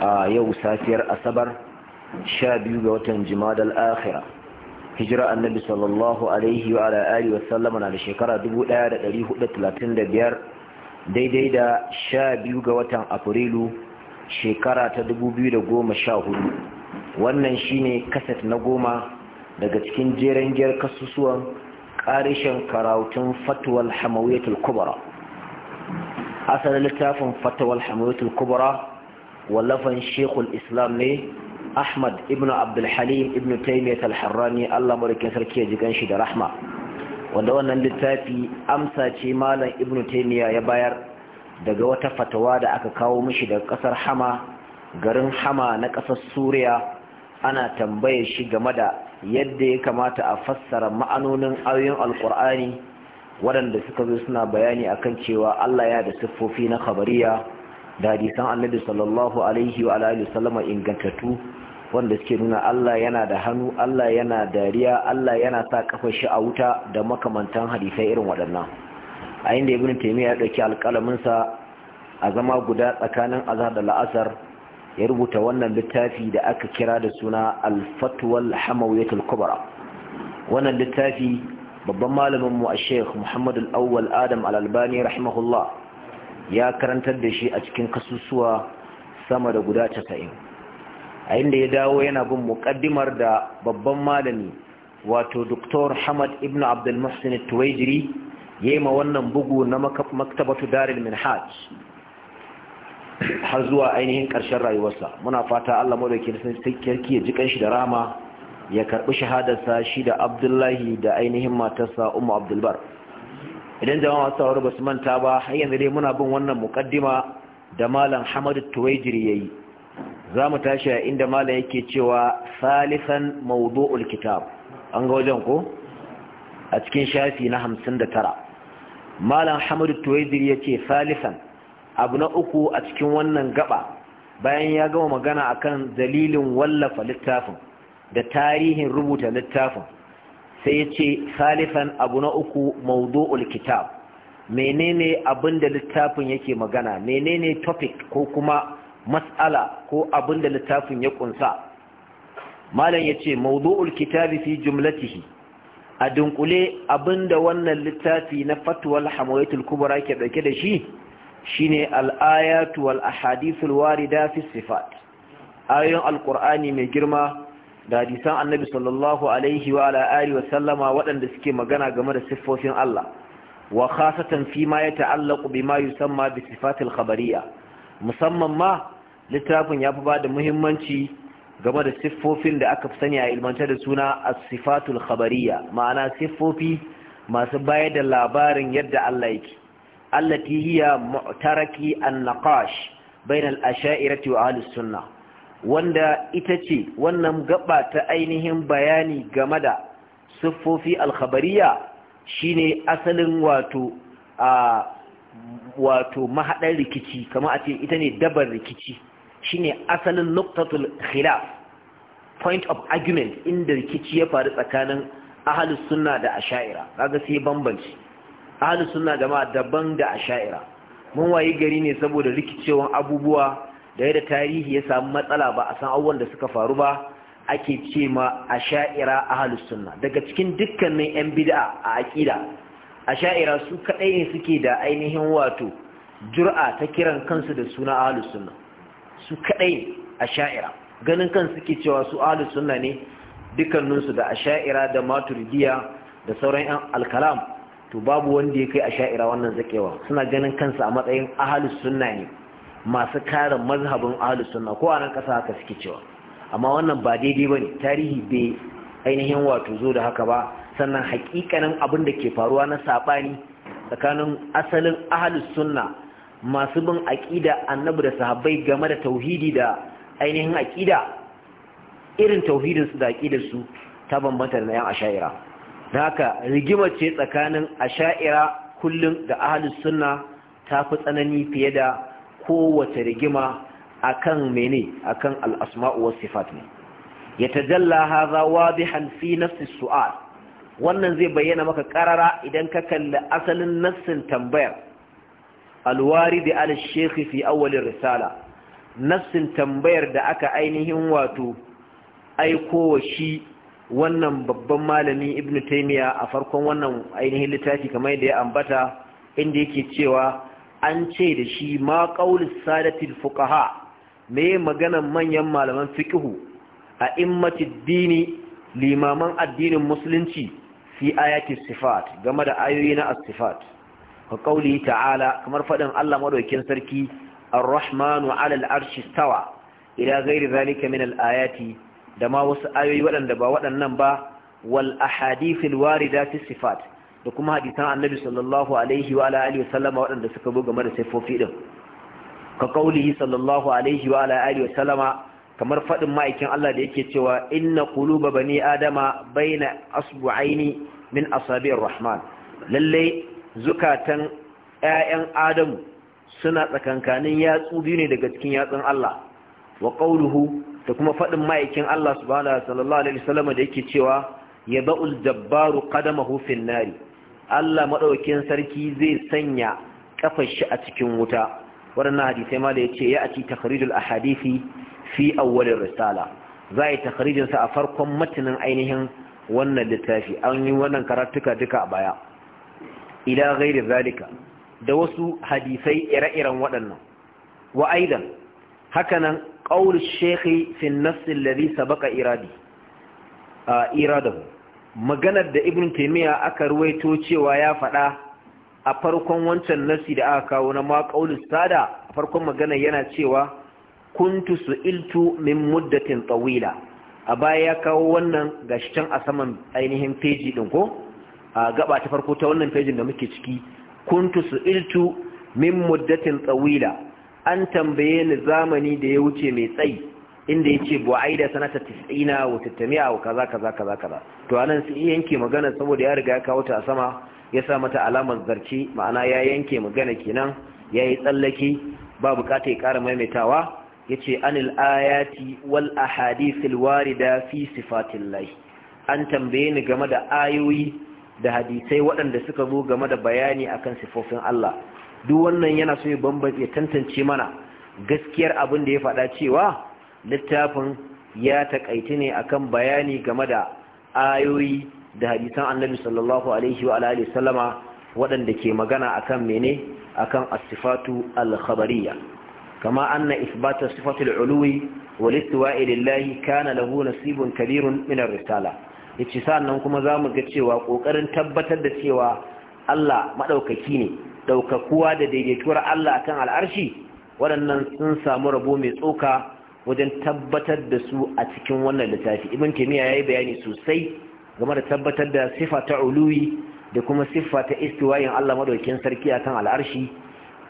a yau safiyar asabar sha biyu ga watan jima'ad al-akhira hijira annabi sallallahu alaihi wa ala alihi wa sallama na da shekara 1435 daidai da sha biyu ga watan afrilu shekara ta 2014 wannan shine kaset na goma daga cikin jeren giyar kasusuwan karishin karautun fatuwal hamawiyatul kubra asalin littafin fatuwal hamawiyatul kubra wallafan shekul islam ne ahmad ibn abdulhalim ibn taimiyat al-harrani allah marikin sarki ya ji ganshi da rahma wanda wannan littafi amsa ce malam ibn taimiya ya bayar daga wata fatawa da aka kawo mishi daga kasar hama garin hama na kasar suriya ana tambaye shi game da yadda ya kamata a fassara ma'anonin ayoyin alkur'ani waɗanda suka zo suna bayani akan cewa allah ya da siffofi na khabariya da hadisan annabi sallallahu alaihi wa alihi sallama ingantattu wanda suke nuna Allah yana da hannu Allah yana dariya Allah yana sa kafar shi a wuta da makamantan hadisai irin waɗannan a inda ibn taymiya ya dauki alƙalamin sa a zama guda tsakanin azhar da la'asar ya rubuta wannan littafi da aka kira da suna al-fatwa al-hamawiyya al-kubra wannan littafi babban malamin mu a sheikh Muhammad al-Awwal Adam al-Albani rahimahullah ya karantar da shi a cikin kasusuwa sama da guda casa'in a inda ya dawo yana bin muƙaddimar da babban malami wato Dr. hamad ibn abdulmuhsin tuwaijiri ya yi ma wannan bugu na maktabatu darin minhaj har zuwa ainihin ƙarshen rayuwarsa muna fata allah madauki na sarki ya ji shi da rama ya karɓi shahadarsa shi da abdullahi da ainihin matarsa umar abdulbar idan jama'a masu sauraro ba su manta ba har yanzu dai muna bin wannan mukaddima da malam hamadu tuwaijiri ya yi za mu tashi a inda malam yake cewa salisan mawdu'ul kitab an ga wajen ko a cikin shafi na hamsin da tara malam hamadu tuwaijiri ya ce salisan abu na uku a cikin wannan gaba bayan ya gama magana akan dalilin wallafa littafin da tarihin rubuta littafin sai ya ce salifan abu na uku maudu'ul kitab menene abin da littafin yake magana menene topic ko kuma mas'ala ko abin da littafin ya kunsa malam ya ce maudu'ul kitabi fi jumlatihi a dunkule abin da wannan littafi na fatuwal hamoyatul kubra ke dauke da shi shine al-ayatu wal ahadithul warida fi sifat ayoyin alkur'ani mai girma da hadisan annabi sallallahu alaihi wa ala alihi wa sallama waɗanda suke magana game da siffofin Allah wa khasatan fi ma ya ta'allaqu bima yusamma bi sifatil khabariyya musamman ma littafin ya fi ba da muhimmanci game da siffofin da aka fi sani a ilmanta da suna as-sifatul khabariyya ma'ana siffofi masu bayar da labarin yadda Allah yake allati hiya mu'taraki an-naqash bainal asha'irati wa ahlus sunnah wanda ita ce wannan gaba ta ainihin bayani game da siffofi alkhabariya shine asalin wato a wato mahaɗar rikici kama a ce ita ne dabar rikici shine asalin nuktatul khilaf point of argument inda rikici ya faru tsakanin ahalus sunna da asha'ira kaga sai bambanci ahalus sunna jama'a daban da asha'ira mun wayi gari ne saboda rikicewan abubuwa da yadda tarihi ya samu matsala ba a san awon da suka faru ba ake ce ma a sha'ira a sunna daga cikin dukkanin 'yan bid'a a aƙida a sha'ira su kaɗai ne suke da ainihin wato jur'a ta kiran kansu da suna ahalus su kaɗai a sha'ira ganin kan suke cewa su a sunna ne dukkaninsu da a sha'ira da maturidiya da sauran 'yan alkalam to babu wanda ya kai a sha'ira wannan zakewa suna ganin kansu a matsayin a sunna ne masu kare mazhabin ahlus sunna ko a nan kasa haka suke cewa amma wannan ba daidai ba ne tarihi bai ainihin wato zo da haka ba sannan hakikanin abin da ke faruwa na saɓani tsakanin asalin ahlus sunna masu bin aƙida annabi da sahabbai game da tauhidi da ainihin aƙida irin tauhidin su da aƙidar su ta bambanta da yan asha'ira da haka rigima ce tsakanin asha'ira kullum da ahlus sunna ta fi tsanani fiye da kowace rigima kan mene akan al-asma'u sifat ne Ya yatajalla wa bi hanfi nafsi su'al wannan zai bayyana maka karara idan ka kalli asalin nafsin tambayar alwari da al fi awalin risala nafsin tambayar da aka ainihin wato aikowa shi wannan babban malami ibn taymiya a farkon wannan ainihin littafi kamar da ya ambata inda yake cewa an ce da shi ma qaulis sadatil fuqaha me maganan manyan malaman fikihu a immatiddini limaman addinin musulunci fi ayati sifat game da ayoyi na as-sifat ka ta'ala kamar fadin Allah madaukakin sarki ar-rahmanu alal arshi stawa ila ghairi zalika min al-ayati da ma wasu ayoyi wadanda ba waɗannan ba wal ahadithil warida fi sifat da kuma hadisan annabi sallallahu alaihi wa alihi waɗanda suka zo game da siffofi din ka kaulihi sallallahu alaihi wa alihi kamar faɗin ma'aikin Allah da yake cewa inna quluba bani adama baina asbu'aini min asabi'ir rahman lalle zukatan ƴaƴan adamu suna tsakankanin yatsu biyu ne daga cikin yatsun Allah wa qauluhu da kuma faɗin ma'aikin Allah subhanahu wa sallallahu alaihi wasallam da yake cewa yada'ul jabbaru qadamahu hufin nari Allah maɗaukin sarki zai sanya kafar shi a cikin wuta waɗannan hadisai ma da ya ce ya aci takharijul hadisi fi awwalin risala za a yi takharijin a farkon matanin ainihin wannan littafi an yi wannan karatuka duka a baya ila ghairi zalika da wasu hadisai ire-iren waɗannan wa aidan hakanan qaul shaykhi fi an-nass alladhi sabaqa iradi iradahu maganar da ibn taimiyya aka ruwaito cewa ya faɗa a farkon wancan nasi da aka kawo na maƙaunin sada farkon magana yana cewa kuntu su iltu min muddatin tsawila a baya ya kawo wannan gashi a saman ainihin feji ɗin ko a gaba ta farko ta wannan fejin da muke ciki kuntu su iltu min muddatin tsawila an tambaye ni zamani da ya wuce mai tsayi inda yace bu'aida sanata 90 wa 600 wa kaza kaza kaza kaza to anan sai yanke magana saboda ya riga ya kawo ta a sama ya sa mata alamar zarci ma'ana ya yanke magana kenan yayi tsallake ba bukata ya kara maimaitawa ya yace anil ayati wal ahadithil warida fi sifatillahi an tambaye ni game da ayoyi da hadisai waɗanda suka zo game da bayani akan sifofin Allah duk wannan yana so ya bambance tantance mana gaskiyar abin da ya faɗa cewa littafin ya takaitu ne akan bayani game da ayoyi da hadisan annabi sallallahu alaihi wa alihi sallama waɗanda ke magana akan mene akan as-sifatu al-khabariyya kama anna isbata sifatu al-uluwi wa istiwa'i lillahi kana lahu nasibun kabirun min ar-risala yace sannan kuma zamu ga cewa kokarin tabbatar da cewa Allah madaukaki ne daukakuwa da daidaituwar Allah akan al'arshi waɗannan sun samu rabo mai tsoka wajen tabbatar da su a cikin wannan littafi ibn taymiya yayi bayani sosai game da tabbatar da sifa ta uluwi da kuma sifa ta istiwayin Allah madaukin sarki akan al'arshi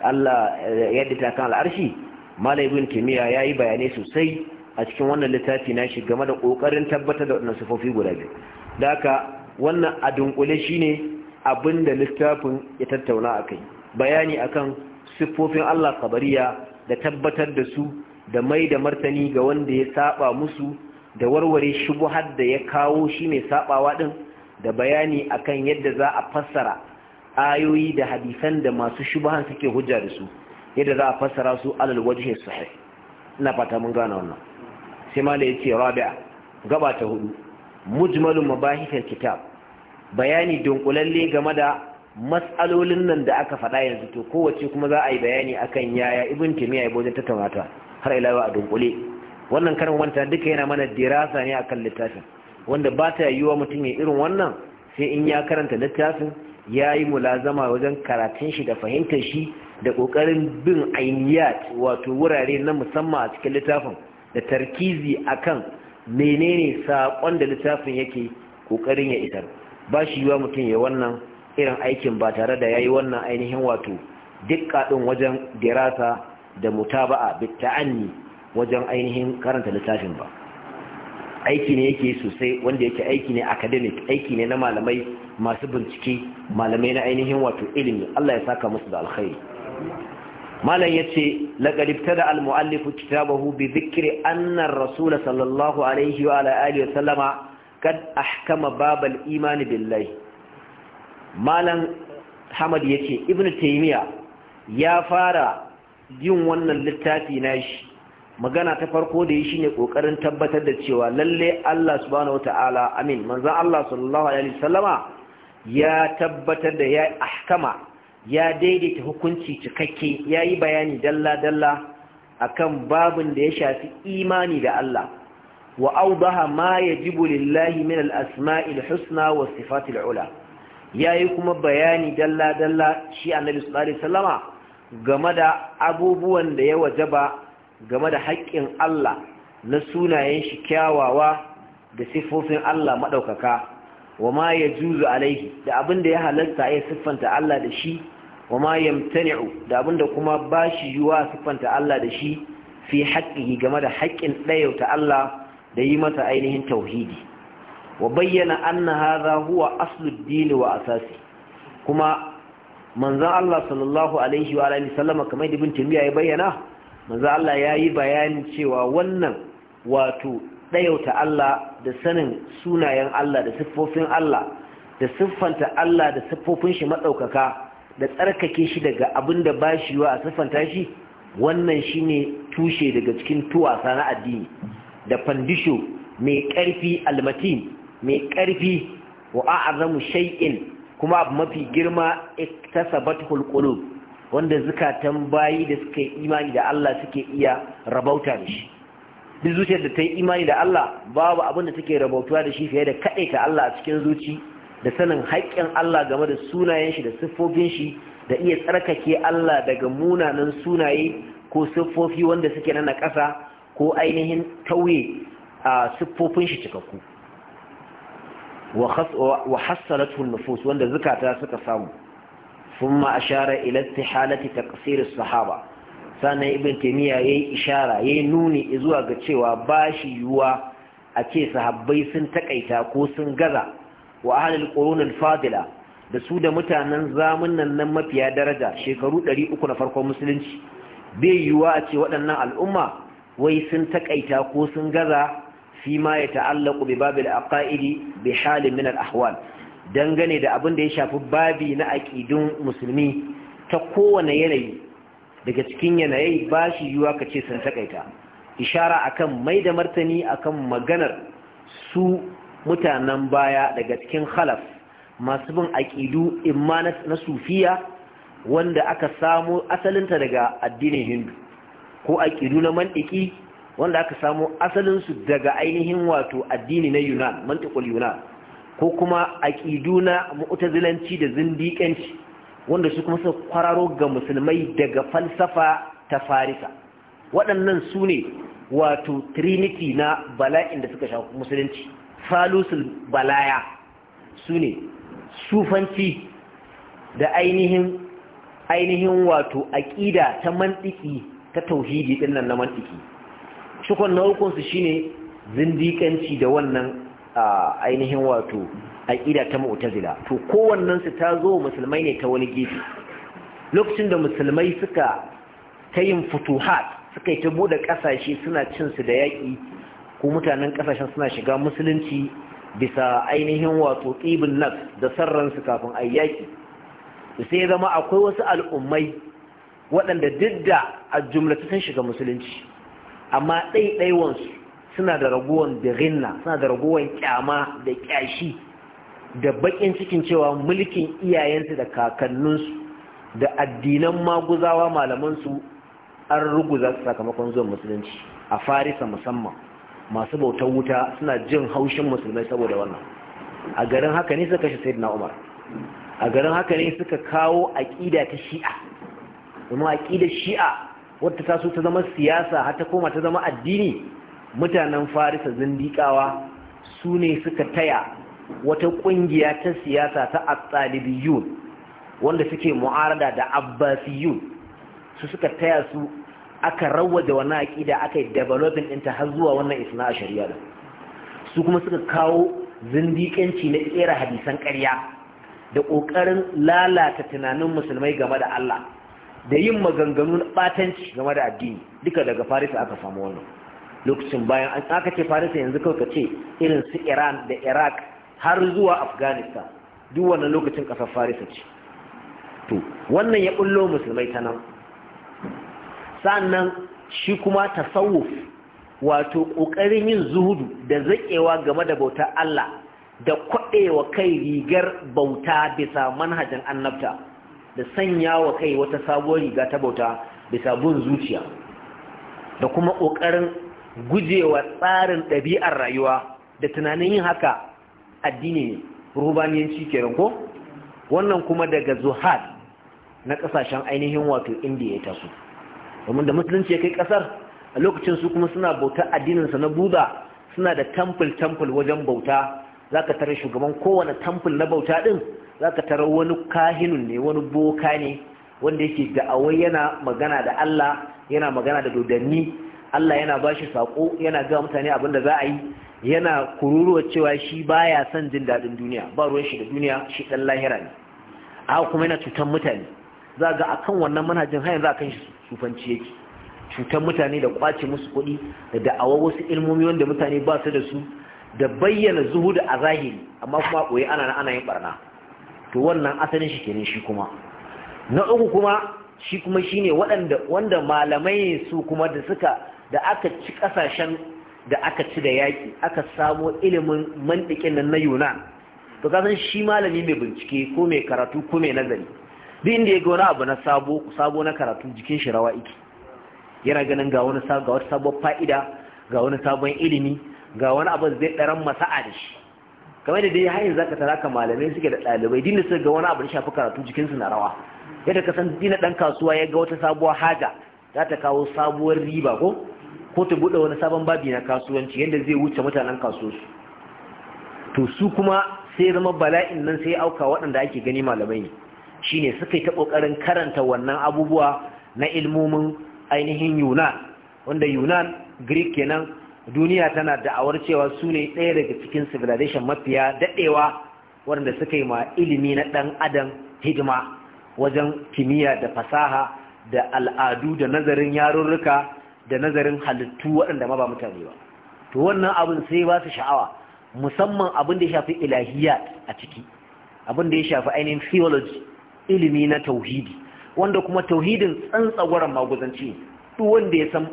Allah eh, yadda ta kan al'arshi malai ibn taymiya yayi bayani sosai a cikin wannan littafi na shi game da kokarin tabbatar da wannan sifofi guda biyu da haka wannan a dunkule shine abinda littafin ya tattauna akai bayani akan siffofin Allah kabariya da tabbatar da su da mai da martani ga wanda ya saba musu da warware shubuhar da ya kawo shi mai sabawa din da bayani akan yadda za a fassara ayoyi da hadisan da masu shubuhan suke hujja da su yadda za a fassara su alal wajhi sahih ina fata mun gane wannan sai mala yace rabi'a gaba ta hudu mujmalul mabahith kitab, bayani dunkulalle game da matsalolin nan da aka faɗa yanzu to kowace kuma za a yi bayani akan yaya ibn timiya ya bojan tattaunata har ila a dunkule wannan karin wanta duka yana mana dirasa ne akan littafin wanda ba ta yiwuwa mutum ya irin wannan sai in ya karanta littafin ya yi mulazama wajen karatun shi da fahimtar shi da kokarin bin ainihiyat wato wurare na musamman a cikin littafin da tarkizi akan menene saƙon da littafin yake kokarin ya isar ba shi yiwa mutum ya wannan irin aikin ba tare da ya yi wannan ainihin wato dukka ɗin wajen dirasa da mutaba'a bitta'anni wajen ainihin karanta littafin ba aiki ne yake sosai wanda yake aiki ne academic aiki ne na malamai masu bincike malamai na ainihin wato ilimi Allah ya saka musu da alkhairi malam yace laqad ibtada al muallif kitabahu bi dhikri anna ar-rasul sallallahu alaihi wa ala alihi wa sallama kad ahkama bab al iman billahi malam hamad yace ibnu taymiya ya fara yin wannan littafi shi magana ta farko da yi shine ƙoƙarin tabbatar da cewa lalle Allah subhanahu wataala amin manzon Allah sallallahu alaihi ya tabbatar da ya ahkama ya daidaita hukunci cikakke yayi bayani dalla dalla akan babin da ya shafi imani da Allah wa awdaha ma yajibu lillahi min al husna sifatil ula yayi kuma bayani dalla dalla shi annabi sallallahu alaihi game da abubuwan da ya wajaba game da haƙƙin Allah na sunayen shi kyawawa da siffofin Allah maɗaukaka wa ma ya juzu alaihi da abin da ya halatta ya siffanta Allah da shi wa ma yamtani'u da abin da kuma ba shi yiwa siffanta Allah da shi fi haƙƙihi game da haƙƙin ɗayauta Allah da yi masa ainihin tauhidi wa bayyana anna hadha huwa aslud din wa asasi kuma manzan Allah sallallahu alaihi wa sallama kamar ibn tumiya ya bayyana manzan Allah ya yi bayanin cewa wannan wato ɗayauta Allah da sanin sunayen Allah da siffofin Allah da siffanta Allah da siffofin shi matsaukaka da tsarkake shi daga abin da ba shi wa a siffanta shi wannan shi ne tushe daga cikin tuwasa na addini da fandisho mai ƙarfi almatin mai ƙarfi wa a'azamu shay'in kuma abu mafi girma sabat hulqulub wanda zukatan bayi da suka yi imani da Allah suke iya rabauta da shi duk zuciyar da ta yi imani da Allah babu abin da take rabautuwa da shi fiye da ta Allah a cikin zuci da sanin haƙƙin Allah game da sunayen shi da siffofin shi da iya tsarkake Allah daga munanan sunaye ko siffofi wanda suke na ƙasa ko ainihin tauye a siffofin shi cikakku wa hassalatu nufus wanda zukata suka samu thumma ashara ila istihalati taqsir as-sahaba sannan ibn taymiya yayi ishara yayi nuni zuwa ga cewa bashi yiwuwa a ce sahabbai sun taƙaita ko sun gaza wa ahlul qurun fadila da su da mutanen zamanin nan mafiya daraja shekaru ɗari uku na farkon musulunci bai yiwuwa a ce waɗannan al'umma wai sun taƙaita ko sun gaza ya ta'allaku فيما يتعلق بباب العقائد بحال من الأحوال dangane da abin da ya shafi babi na aƙidun musulmi ta kowane yanayi daga cikin yanayi ba shi yiwuwa ka ce sun takaita ishara akan mai da martani akan maganar su mutanen baya daga cikin khalaf masu bin aƙidu imma na sufiya wanda aka samo asalinta daga addinin hindu ko aƙidu na mandiki wanda aka samo asalinsu daga ainihin wato addini na yunan mantikul yunan ko kuma aƙidu na mu'tazilanci da zindiƙanci wanda su kuma suka kwararo ga musulmai daga falsafa ta farisa waɗannan su ne wato trinity na bala'in da suka sha musulunci falusul balaya su ne sufanci da ainihin ainihin wato aƙida ta mantiki ta tauhidi ɗin nan na mantiki cikon na shi shine zindikanci da wannan ainihin wato aƙida ta mu'tazila to kowannensu ta zo musulmai ne ta wani gefe lokacin da musulmai suka ta yin futuhat suka yi ta bude ƙasashe suna cinsu da yaƙi ko mutanen ƙasashen suna shiga musulunci bisa ainihin wato tsibin nas da su kafin a yaƙi sai zama akwai wasu al'ummai waɗanda duk da a jumlata sun shiga musulunci amma ɗaiɗaiwansu suna da raguwan birinna suna da raguwan kyama da kyashi da bakin cikin cewa mulkin iyayensu da kakanninsu da addinan maguzawa malamansu an ruguza su sakamakon zuwan musulunci a farisa musamman masu bautar wuta suna jin haushin musulmai saboda wannan a garin haka ne suka kashe sayyidina umar a garin haka ne suka kawo aƙida ta shi'a kuma aƙidar shi'a Wata ta so ta zama siyasa har ta koma ta zama addini mutanen farisa zindikawa su ne suka taya wata kungiya ta siyasa ta atsalibiyun wanda suke mu'arada da abbasiyun su suka taya su aka rawaje wani aƙida aka yi developing ɗinta har zuwa wannan isna a shari'a su kuma suka kawo zindikanci na ƙera hadisan ƙarya da ƙoƙarin lalata tunanin musulmai game da Allah da yin maganganu na batanci game da addini duka daga farisa aka samu wannan lokacin bayan an aka ce farisa yanzu kawai ka ce irin su iran da iraq har zuwa afghanistan duk wannan lokacin kasar farisa ce to wannan ya bullo musulmai ta nan sannan shi kuma tasawuf wato ƙoƙarin yin zuhudu da zaƙewa game da bautar Allah da kwaɗewa kai rigar bauta bisa manhajin annabta da sanya wa kai wata sabuwar riga ta bauta bisa bin zuciya da kuma ƙoƙarin gujewa tsarin ɗabi'ar rayuwa da tunanin yin haka addini ne rubaniyanci kenan ko wannan kuma daga zuhad na ƙasashen ainihin wato indiya ya taso domin da musulunci ya kai ƙasar a lokacin su kuma suna bauta addininsa na buda suna da tamfil-tamfil wajen bauta za ka tare shugaban kowane tamfil na bauta din? za ka tara wani kahinun ne wani boka ne wanda yake da'awai yana magana da Allah yana magana da dodanni Allah yana ba shi saƙo yana ga mutane abin da za a yi yana kururuwa cewa shi baya son jin daɗin duniya ba ruwan shi da duniya shi ɗan lahira ne a kuma yana cutan mutane za ga akan wannan manhajin hanyar za a kan shi sufanci yake cutan mutane da kwace musu kuɗi da da'awa wasu ilmomi wanda mutane ba su da su da bayyana zuhudu a zahiri amma kuma ɓoye ana ana yin barna to wannan asalin shi kenan shi kuma na uku kuma shi kuma shine waɗanda wanda malamai su kuma da suka da aka ci kasashen da aka ci da yaki aka samo ilimin mantikin nan na yunan to kasan shi malami mai bincike ko mai karatu ko mai nazari duk inda ya ga wani abu na sabo sabo na karatu jikin shi rawa iki yana ganin ga wani sabon fa'ida ga wani sabon ilimi ga wani abu zai ɗaran masa'a da shi kamar da dai hayin zaka tara ka malamai suke da ɗalibai dinda suka ga wani abu da shafi karatu jikinsu na rawa yadda ka san dina ɗan kasuwa ya ga wata sabuwar haja za ta kawo sabuwar riba ko ko ta buɗe wani sabon babi na kasuwanci yadda zai wuce mutanen kasuwarsu to su kuma sai zama bala'in nan sai auka waɗanda ake gani malamai ne shine suka yi ta ƙarin karanta wannan abubuwa na ilmomin ainihin yunan wanda yunan greek kenan duniya tana da'awar cewa su ne ɗaya daga cikin civilization mafiya daɗewa waɗanda suka yi ma ilimi na ɗan adam hidima wajen kimiyya da fasaha da al'adu da nazarin yarurruka da nazarin halittu waɗanda ma ba mutane ba to wannan abin sai ba su sha'awa musamman abin da ya shafi ilahiyya a ciki abin da ya shafi ainihin theology ilimi na tauhidi wanda kuma tauhidin tsantsagwaran maguzanci duk wanda ya san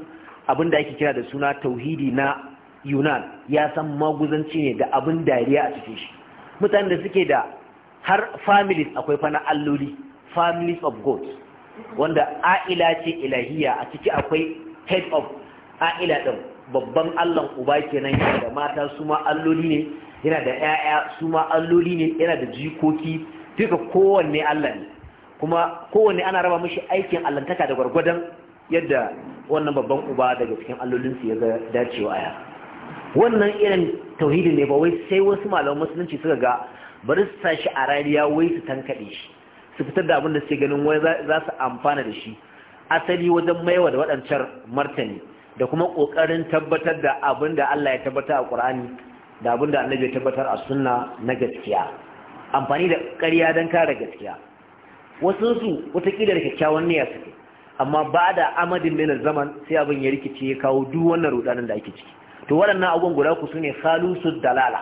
abin da ake kira da suna tauhidi na yunan ya san maguzanci ne da abin dariya a cikin shi mutanen da suke da har families akwai fa alloli families of gods wanda a'ila ce ilahiya a ciki akwai head of a'ila din babban allon uba kenan yana da mata su ma alloli ne yana da 'ya'ya su ma alloli ne yana da jikoki duka kowanne allah ne kuma kowanne ana raba mashi aikin allantaka da gwargwadon yadda wannan babban uba daga cikin allolinsu ya ga dacewa aya wannan irin tauhidi ne ba wai sai wasu malaman musulunci suka ga bari su sa shi a rariya wai su tankaɗe shi su fitar da abin da suke ganin wai za su amfana da shi asali wajen maiwa da waɗancan martani da kuma ƙoƙarin tabbatar da abin da Allah ya tabbata a ƙur'ani da abin da annabi ya tabbatar a sunna na gaskiya amfani da ƙarya don kare gaskiya wasu su watakila da kyakkyawan niyya suke amma ba da amadin minar zaman sai abin ya rikice ya kawo duk wannan rudanin da ake ciki to waɗannan abubuwan guda ku su ne salusu dalala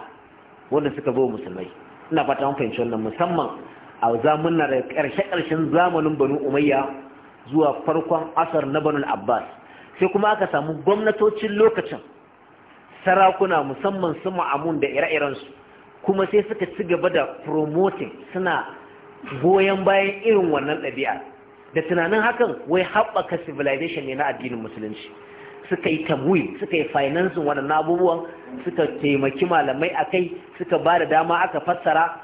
wanda suka zo musulmai ina fata mun fahimci wannan musamman a zamanin da ƙarshe-ƙarshen zamanin banu umayya zuwa farkon asar na banu abbas sai kuma aka samu gwamnatocin lokacin sarakuna musamman su ma'amun da ire-irensu kuma sai suka ci gaba da promoting suna goyon bayan irin wannan ɗabi'a da tunanin hakan wai haɓaka civilization ne na addinin musulunci suka yi tamwi suka yi financing waɗannan abubuwan suka taimaki malamai a kai suka ba da dama aka fassara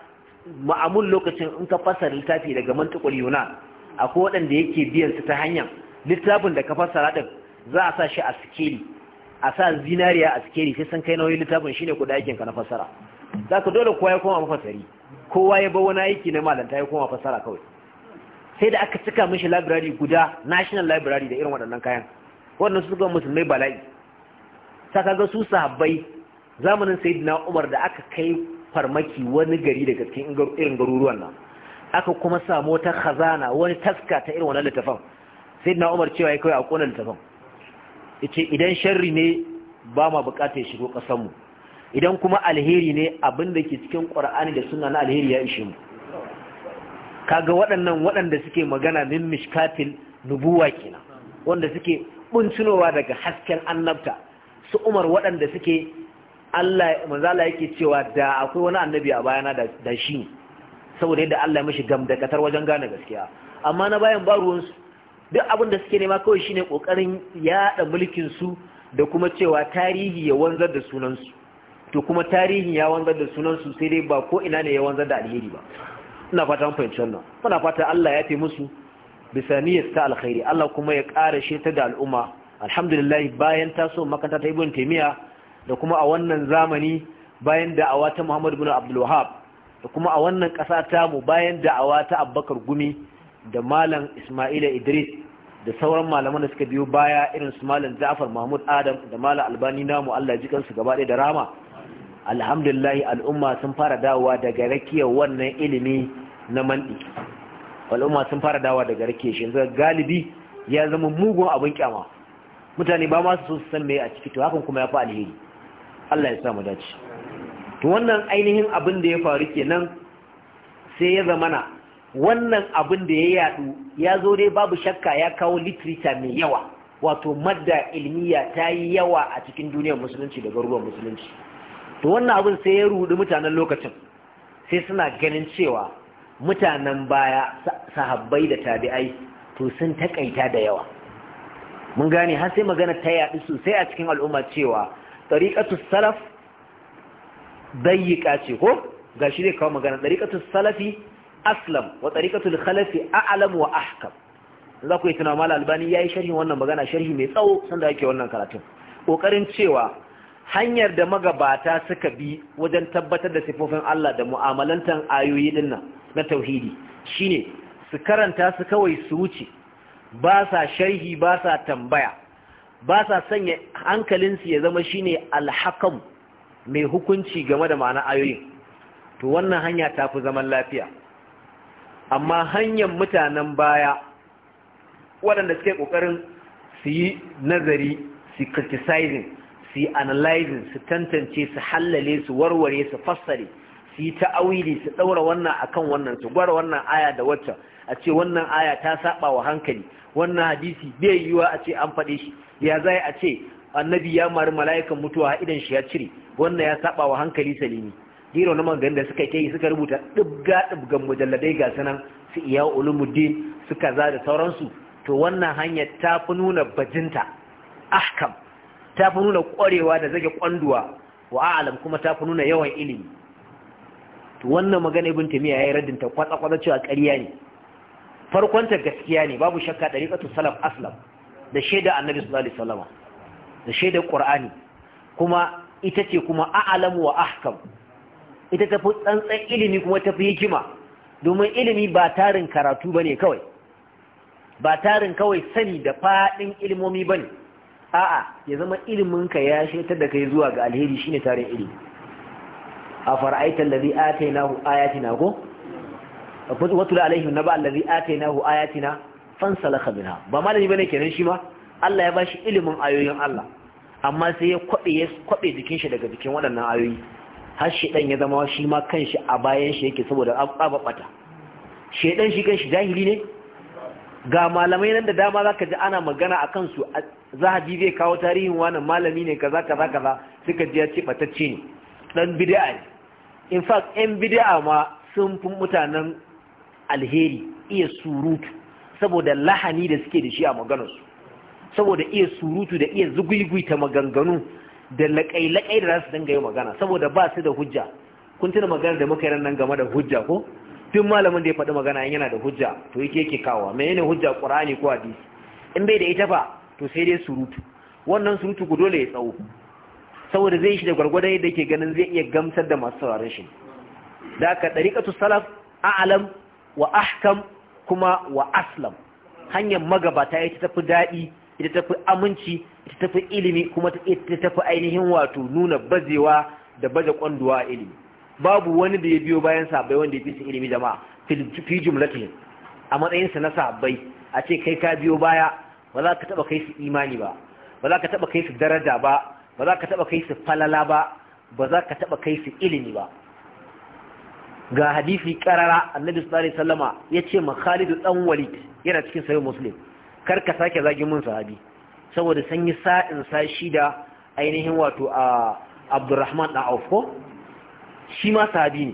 ma'amun lokacin in ka fassara littafi daga mantukul yunan akwai waɗanda yake biyan su ta hanyar littafin da ka fassara ɗin za a sa shi a sikeli a sa zinariya a sikeli sai san kai nauyin littafin shine kuɗa aikin ka na fassara za ka dole kowa ya koma mafasari kowa ya bar wani aiki na malanta ya koma fassara kawai sai da aka cika mishi labirari guda national library da irin waɗannan kayan wannan su ga musulmai bala'i ta kaga su sahabbai zamanin sayyidina Umar da aka kai farmaki wani gari daga cikin irin garuruwan nan aka kuma samu wata khazana wani taska ta irin wannan littafin sayyidina Umar cewa ya kai a kona littafin yace idan sharri ne ba ma bukatar shigo kasan mu idan kuma alheri ne abin da ke cikin Qur'ani da sunna na alheri ya ishe mu kaga waɗannan waɗanda suke magana min mishkatil nubuwa kenan wanda suke buncinowa daga hasken annabta su umar waɗanda suke Allah manzala yake cewa da akwai wani annabi a bayana da shi saboda yadda Allah ya mishi gamdakatar wajen gane gaskiya amma na bayan ba ruwansu duk abin da suke nema kawai shine kokarin yada mulkin su da kuma cewa tarihi ya wanzar da sunansu to kuma tarihin ya wanzar da sunansu sai dai ba ko ina ne ya wanzar da alheri ba ina fata an fahimci wannan muna fata Allah ya fi musu bisa niyyar ta alkhairi Allah kuma ya ƙara shi ta da al'umma alhamdulillah bayan taso makanta ta ibn taymiya da kuma a wannan zamani bayan da'awa ta Muhammad ibn Abdul da kuma a wannan ƙasa ta mu bayan da'awa ta Abubakar Gumi da Malam Ismaila Idris da sauran malaman da suka biyo baya irin su Malam Ja'far Mahmud Adam da Malam Albani namu Allah ya ji gaba ɗaya da rama alhamdulillahi al'umma sun fara dawowa daga rakiyar wannan ilimi na mandi al'umma sun fara dawowa daga rakiyar shi yanzu galibi ya zama mugun abin kyama mutane ba ma su san me a ciki to hakan kuma ya fi alheri Allah ya sa mu dace to wannan ainihin abin da ya faru kenan sai ya zamana wannan abin da ya yadu ya zo dai babu shakka ya kawo literature mai yawa wato madda ilmiya ta yi yawa a cikin duniyar musulunci da garuruwan musulunci to wannan abin sai ya rudu mutanen lokacin sai suna ganin cewa mutanen baya sahabbai da tabi'ai to sun takaita da yawa mun gane har sai magana ta yaɗu sosai a cikin al'umma cewa tariqatu salaf dayyika ce ko gashi zai kawo magana tariqatu salafi aslam wa tariqatu khalafi a'lam wa ahkam za ku yi tunawa mal albani yayi sharhi wannan magana sharhi mai tsawo sanda ake wannan karatun kokarin cewa hanyar da magabata suka bi wajen tabbatar da sifofin Allah da mu'amalantar ayoyi din nan na tauhidi shine su karanta su kawai su wuce ba sa sharhi ba sa tambaya ba sa sanya hankalinsu ya zama shine alhakam mai hukunci game da ma'ana ayoyin to wannan hanya ta fi zaman lafiya amma hanyar mutanen baya waɗanda suke ƙoƙarin su yi nazari su criticizing su yi analyzing su tantance su hallale su warware su fassare su yi ta'awili su ɗaura wannan akan wannan su gwara wannan aya da wacce a ce wannan aya ta saba wa hankali wannan hadisi bai yiwa a ce an faɗe shi ya zai a ce annabi ya mari mala'ikan mutuwa idan shi ya cire wannan ya saba wa hankali salimi dira na magan da suka kai suka rubuta dubga dubgan mujalladai ga sanan su iya ulumuddin suka kaza da sauransu to wannan hanyar ta fi nuna bajinta ahkam ta fi nuna ƙwarewa da zage ƙwanduwa wa alam kuma ta fi nuna yawan ilimi to wannan magana ibn tamiya yayi raddin ta kwatsa kwatsa cewa ƙarya ne farkon ta gaskiya ne babu shakka dariqatu salaf aslam da shaida annabi sallallahu alaihi wasallam da shaida qur'ani kuma ita ce kuma a'lamu wa ahkam ita ta fi tsantsan ilimi kuma ta fi hikima domin ilimi ba tarin karatu bane kawai ba tarin kawai sani da fadin ilimomi bane a'a ya zama ilimin ka ya shaitar da kai zuwa ga alheri shine tarin ilimi a fara'aita allazi atainahu ayatina ko tula alaihi naba allazi atainahu ayatina fansalakha minha ba malami bane kenan shi ma Allah ya bashi ilimin ayoyin Allah amma sai ya kwabe ya kwabe jikin shi daga jikin waɗannan ayoyi har shedan ya zama shi ma kanshi a bayan shi yake saboda ababata shedan shi kanshi jahili ne ga malamai nan da dama za ka ji ana magana a kansu za a ji zai kawo tarihin wani malami ne kaza kaza kaza suka ji ya ce batacce ne dan bid'a ne in fact ɗan bidi'a ma sun fi mutanen alheri iya surutu saboda lahani da suke da shi a maganarsu saboda iya surutu da iya zugugui ta maganganu da laƙai-laƙai da za su dinga magana saboda ba su da hujja kun tuna maganar da muka yi nan game da hujja ko duk malamin da ya faɗi magana yana da hujja to yake yake kawo menene hujja qur'ani ko hadisi in bai da ita fa to sai dai surutu wannan surutu ku dole ya tsawo saboda zai shi da gwargwadon yadda ke ganin zai iya gamsar da masu sauraron shi da ka dariqatu salaf a'lam wa ahkam kuma wa aslam hanyar magabata ita tafi daɗi ita tafi aminci ita tafi ilimi kuma ita tafi ainihin wato nuna bazewa da baje kwanduwa ilimi babu wani da ya biyo bayan sahabbai wanda ya fi su ilimi jama'a fi jumlatihim a matsayinsa na sahabbai a ce kai ka biyo baya ba za ka taba kai su imani ba ba za ka taba kai su daraja ba ba za ka taba kai su falala ba ba za ka taba kai su ilimi ba ga hadisi karara annabi sallallahu alaihi wasallama yace ma Khalid dan Walid yana cikin sahih Muslim kar ka sake zagin mun sahabi saboda sanyi sa'in sa shida ainihin wato a Abdurrahman dan Auf ko shi ma sahabi ne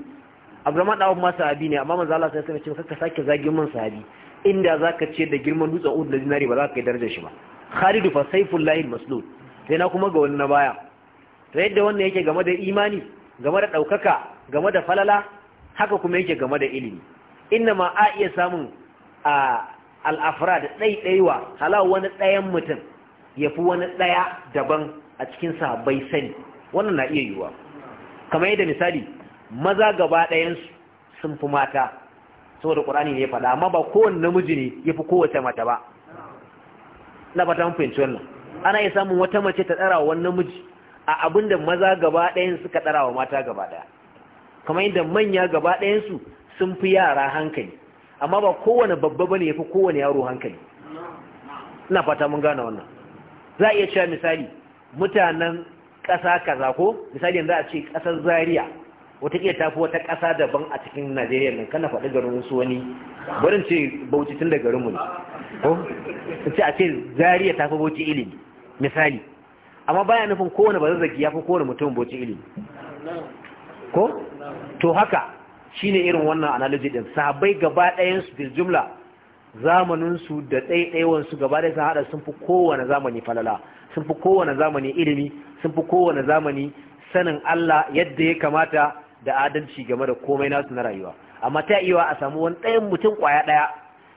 abdurrahman dawud ma sahabi ne amma manzo Allah sai ya ce ka sake zagin man sahabi inda zaka ce da girman dutsen uhud da dinari ba za ka yi darajar shi ba khalidu fa sayfullahi al-maslul sai na kuma ga wani na baya to yadda wannan yake game da imani game da daukaka game da falala haka kuma yake game da ilimi inna ma a iya samun al'afra da ɗaiɗaiwa halawa wani ɗayan mutum ya fi wani ɗaya daban a cikin sahabbai sani wannan na iya yiwuwa kamar yadda misali maza gaba ɗayansu sun fi mata saboda ƙur'ani ne ya faɗa amma ba kowane namiji ne ya fi kowace mata ba na fata mun fahimci wannan ana yi samun wata mace ta tsara wa namiji a abin da maza gaba ɗayan ka tsara wa mata gaba ɗaya kamar yadda manya gaba ɗayansu sun fi yara hankali amma ba kowane babba bane ya fi kowane yaro hankali ina fata mun gane wannan za a iya cewa misali mutanen ƙasa kaza ko misali yanzu a ce ƙasar zaria wata iya tafi wata ƙasa daban a cikin najeriya nan kana faɗi garin wasu wani barin ce bauchi tun da garinmu ne ko ce a ce zaria ta fi bauchi ilimi misali amma baya nufin kowane ba zazzaki ya fi kowane mutum bauchi ilimi ko to haka shine irin wannan analogy din sahabai gaba ɗayan su bil jumla zamaninsu da ɗaiɗaiwansu gaba da sun haɗa sun fi kowane zamani falala sun fi kowane zamani ilimi sun fi kowane zamani sanin Allah yadda ya kamata da adalci game da komai nasu na rayuwa amma ta iya a samu wani ɗayan mutum ƙwaya ɗaya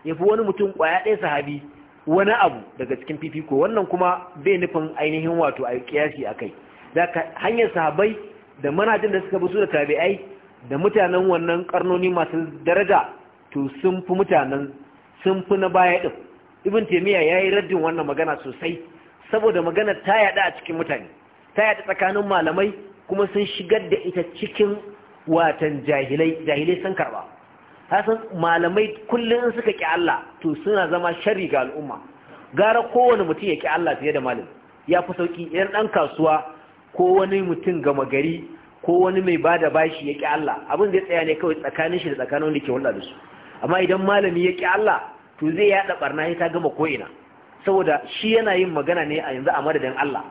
ya fi wani mutum ƙwaya ɗaya sahabi wani abu daga cikin fifiko wannan kuma bai nufin ainihin wato a kiyasi a kai da hanyar sahabai da manajin da suka fi su da tabi'ai da mutanen wannan karnoni masu daraja to sun fi mutanen sun fi na baya ɗin ibn taimiyya ya yi raddin wannan magana sosai saboda magana ta yaɗa a cikin mutane ta yaɗa tsakanin malamai kuma sun shigar da ita cikin watan jahilai jahilai sun karɓa hasan malamai kullum in suka ƙi Allah to suna zama shari ga al'umma gara kowane mutum ya ƙi Allah fiye da malam, ya fi sauƙi idan ɗan kasuwa ko wani mutum gama gari ko wani mai bada bashi ya ƙi Allah abin zai tsaya ne kawai tsakanin shi da tsakanin da ke hulɗa da su amma idan malami ya ƙi Allah to zai yaɗa ɓarna ya ta gama ko'ina saboda shi yana yin magana ne a yanzu a madadin Allah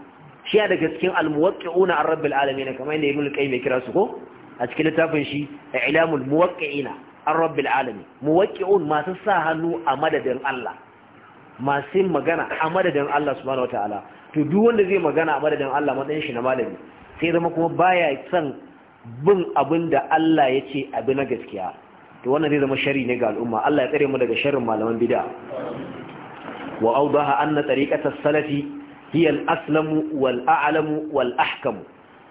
shi ya daga cikin almuwaqqi'una an rabbil alamin kamar yadda ibnu qayyim mai kira su ko a cikin littafin shi a ilamul ina an rabbil alamin muwaqqi'un masu sa hannu a madadin Allah masu magana a madadin Allah subhanahu ta'ala to duk wanda zai magana a madadin Allah matsayin shi na malami sai zama kuma baya son bin abin da Allah ya ce abi na gaskiya to wannan zai zama shari ne ga al'umma Allah ya tsare mu daga sharrin malaman bid'a wa awdaha anna tariqata as-salafi hiya al-aslamu wal a'lamu wal ahkamu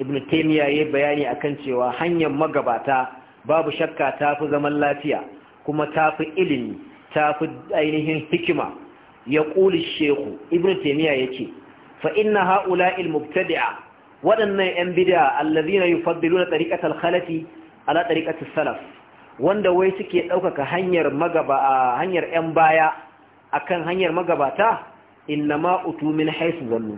ibn taymiya ya bayani akan cewa hanyar magabata babu shakka tafi zaman lafiya kuma tafi ilimi tafi ainihin hikima ya kuli shehu ibn taymiya ce fa inna ha'ula al-mubtadi'a waɗannan 'yan bida allazina yufaddiluna tariqatal khalafi ala tariqatis salaf wanda wai suke ɗaukaka hanyar magaba a hanyar 'yan baya akan hanyar magabata inna utu min haisu zannu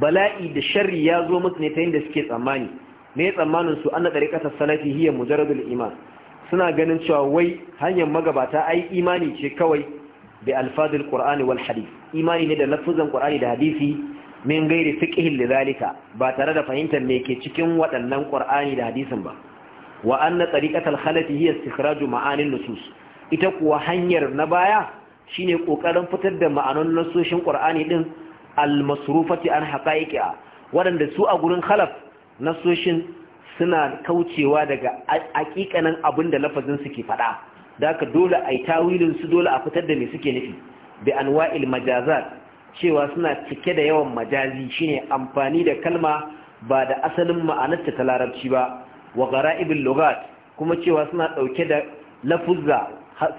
bala'i da shar'i ya zo musu ne ta da suke tsammani me tsammanin su ɗari ƙasar salafi hiya mujarradul iman suna ganin cewa wai hanyar magabata ai imani ce kawai bi alfazil qur'ani wal hadith imani ne da lafuzan qur'ani da hadisi min gairi fiqhi lidhalika ba tare da fahimtar me ke cikin waɗannan qur'ani da hadisin ba wa anna tariqatal khalati hiya istikhraju ma'anin nusus ita kuwa hanyar na baya shine kokarin fitar da ma'anan nasoshin qur'ani din al-masrufati an haqaiqa wadanda su a gurin khalaf nasoshin suna kaucewa daga hakikanin abinda lafazin ke fada daka dole ai tawilin su dole a fitar da me suke nufi bi anwa'il majazat cewa suna cike da yawan majazi shine amfani da kalma ba da asalin ma'anarta ta larabci ba wa ibin lugat kuma cewa suna dauke da lafuzza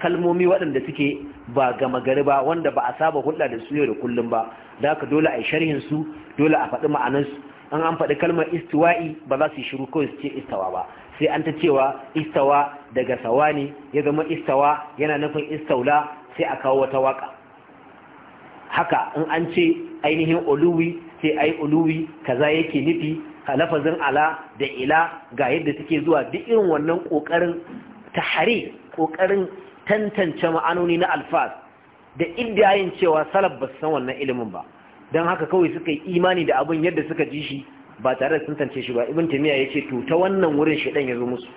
kalmomi waɗanda suke ba gama gari ba wanda ba a saba hulɗa da su yau da kullum ba da haka dole a yi sharhin su dole a faɗi ma'anar su an an faɗi kalmar istiwa'i ba za su yi shiru kawai su ce istawa ba sai an ta cewa istawa daga sawa ne ya zama istawa yana nufin istaula sai a kawo wata waka haka in an ce ainihin oluwi sai ai oluwi kaza yake nufi a lafazin ala da ila ga yadda take zuwa duk irin wannan ƙoƙarin tahari ƙoƙarin tantance ma'anoni na alfaz da inda yin cewa salaf ba su san wannan ilimin ba don haka kawai suka yi imani da abin yadda suka ji shi ba tare da tantance shi ba ibn tamiya yace to ta wannan wurin shedan ya zo musu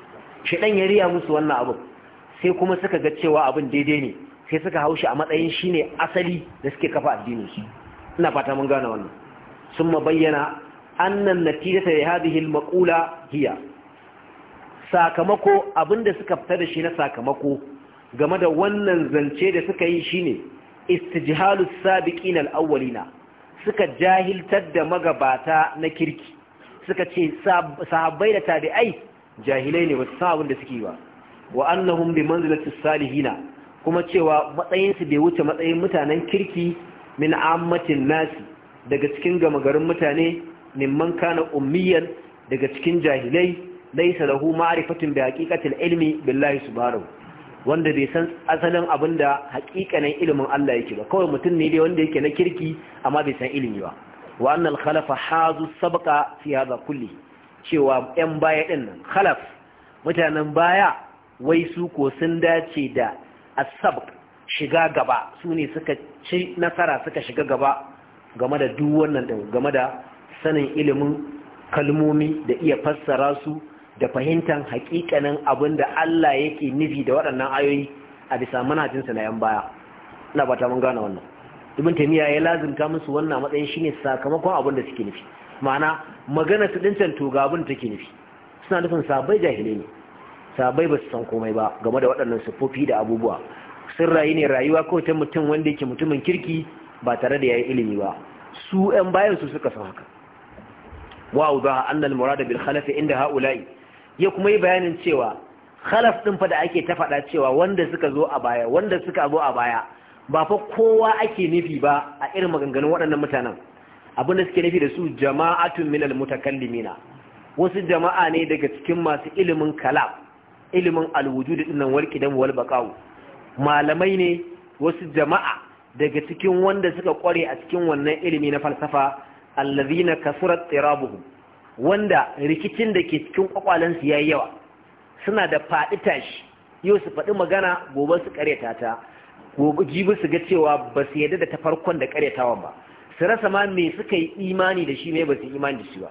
shedan ya riya musu wannan abin sai kuma suka ga cewa abin daidai ne sai suka shi a matsayin shine asali da suke kafa addinin su ina fata mun gane wannan sun bayyana annan natijata li hadhihi al-maqula hiya sakamako abinda suka fita da shi na sakamako game da wannan zance da suka yi shine istijhalu sabiqina al-awwalina suka jahiltar da magabata na kirki suka ce sahabai da tabi'ai jahilai ne wasu sabon da suke ba wa annahum bi manzilati salihina kuma cewa matsayinsu bai wuce matsayin mutanen kirki min ammatin nasi daga cikin gama garin mutane mimman kana ummiyan daga cikin jahilai laisa lahu marifatin bi haqiqatil ilmi billahi subhanahu wanda bai san asalin abin da haƙiƙanin ilimin Allah yake ba kawai mutum ne dai wanda yake na kirki amma bai san ilimi ba wa annal khalafa hazu sabqa fi hadha kulli cewa yan baya din nan khalaf mutanen baya wai su ko sun dace da asab shiga gaba su ne suka ci nasara suka shiga gaba game da duk wannan din game da sanin ilimin kalmomi da iya fassara su da fahimtar hakikanin abin da Allah yake nufi da waɗannan ayoyi a bisa na yan baya ina ba ta mun gane wannan ibn taymiya ya lazimta musu wannan matsayin shine sakamakon abin da suke nufi ma'ana magana su dincan to ga abin take nufi suna nufin sabai jahilai ne sabai ba su san komai ba game da waɗannan sufofi da abubuwa sun rayu ne rayuwa kawai ta mutum wanda yake mutumin kirki ba tare da ya yi ilimi ba su 'yan bayan su suka san haka wa awdaha annal al bil khalaf inda haula'i ya kuma yi bayanin cewa khalaf din fa da ake ta faɗa cewa wanda suka zo a baya wanda suka zo a baya ba fa kowa ake nufi ba a irin maganganun waɗannan mutanen abinda suke nufi da su jama'atun minal mutakallimina wasu jama'a ne daga cikin masu ilimin kalam ilimin alwujud din nan wal qidam wal baqa'u malamai ne wasu jama'a daga cikin wanda suka kware a cikin wannan ilimi na falsafa allazina kasurat tirabuhum wanda rikicin da ke cikin kwakwalansu su yayi yawa suna da faɗi tashi yau su faɗi magana gobe su kareta ta gobe jibi su ga cewa ba su yadda da ta farkon da karetawan ba su rasa ma me suka yi imani da shi ne ba su imani da shi ba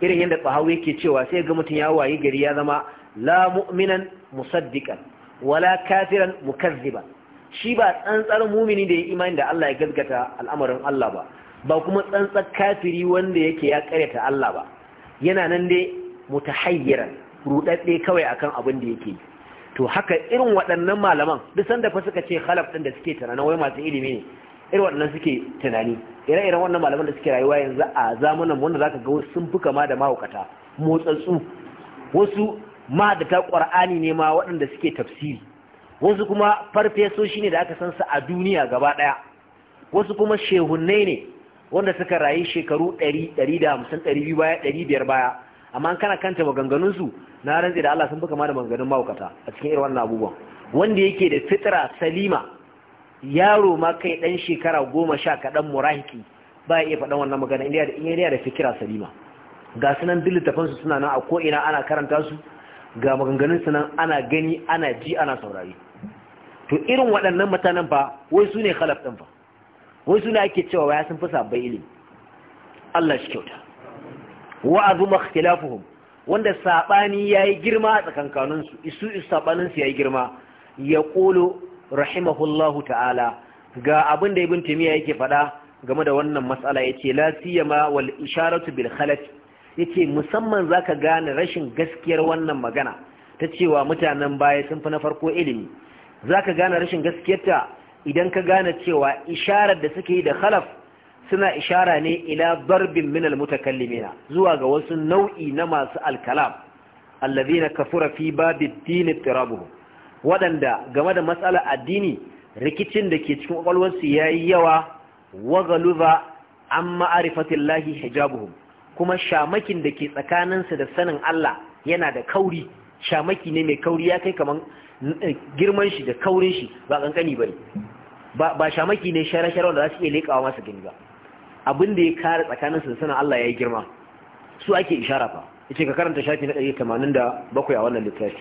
irin yadda tsahau yake cewa sai ga mutum ya waye gari ya zama la mu'minan musaddiqan wala kafiran mukazziban shi ba tsantsar mumini da ya imani da Allah ya gaskata al'amarin Allah ba ba kuma tsantsar kafiri wanda yake ya karyata Allah ba yana nan dai mutahayyiran rudadde kawai akan abin da yake to haka irin waɗannan malaman duk sanda fa suka ce khalaf din da suke tunani, wai masu ilimi ne irin waɗannan suke tunani ire-iren wannan malaman da suke rayuwa yanzu a zamanin wanda zaka ga wasu sun fi kama da mahaukata motsatsu wasu ma da ta qur'ani ne ma waɗanda suke tafsiri wasu kuma farfesoshi ne da aka san su a duniya gaba ɗaya wasu kuma shehunnai ne wanda suka rayu shekaru 100 150 200 baya 500 baya amma kana kanta maganganun na rantsi da Allah sun fi kama da maganganun mawukata a cikin irin wannan abubuwan wanda yake da fitra salima yaro ma kai dan shekara goma sha kaɗan murahiki ba iya faɗan wannan magana in yana da fikira salima ga sunan duk tafansu suna nan a ko'ina ana karanta su ga maganganun nan ana gani ana ji ana saurari to irin waɗannan mutanen fa wai su ne khalaf ɗin fa wai suna ake cewa waya sun fi sabbai ilimi Allah shi kyauta wa azuma wanda sabani yayi girma a tsakankanin su isu isu sabanin su yayi girma ya qulu rahimahullahu ta'ala ga abin da ibn timiya yake faɗa game da wannan matsala yace la siyama wal isharatu bil khalat yace musamman zaka gane rashin gaskiyar wannan magana ta cewa mutanen baya sun fi na farko ilimi zaka gane rashin gaskiyarta idan ka gane cewa isharar da suke yi da khalaf suna ishara ne ila darbin min almutakallimina zuwa ga wasu nau'i na masu alkalam allazina kafura fi babid din ittirabuhu wadanda game da matsalar addini rikicin da ke cikin kwakwalwarsu yayi yawa wa galuza an ma'arifatillahi hijabuhum kuma shamakin da ke tsakaninsu da sanin Allah yana da kauri shamaki ne mai kauri ya kai kaman Eh, girman shi da kaurin shi ba kankani bane ba ba shamaki ne shara-shara wanda za su iya leƙawa masa gani ba abin da ya kare tsakanin su Allah ya yayi girma su ake ishara fa yace ka karanta shafi na bakwai a wannan littafi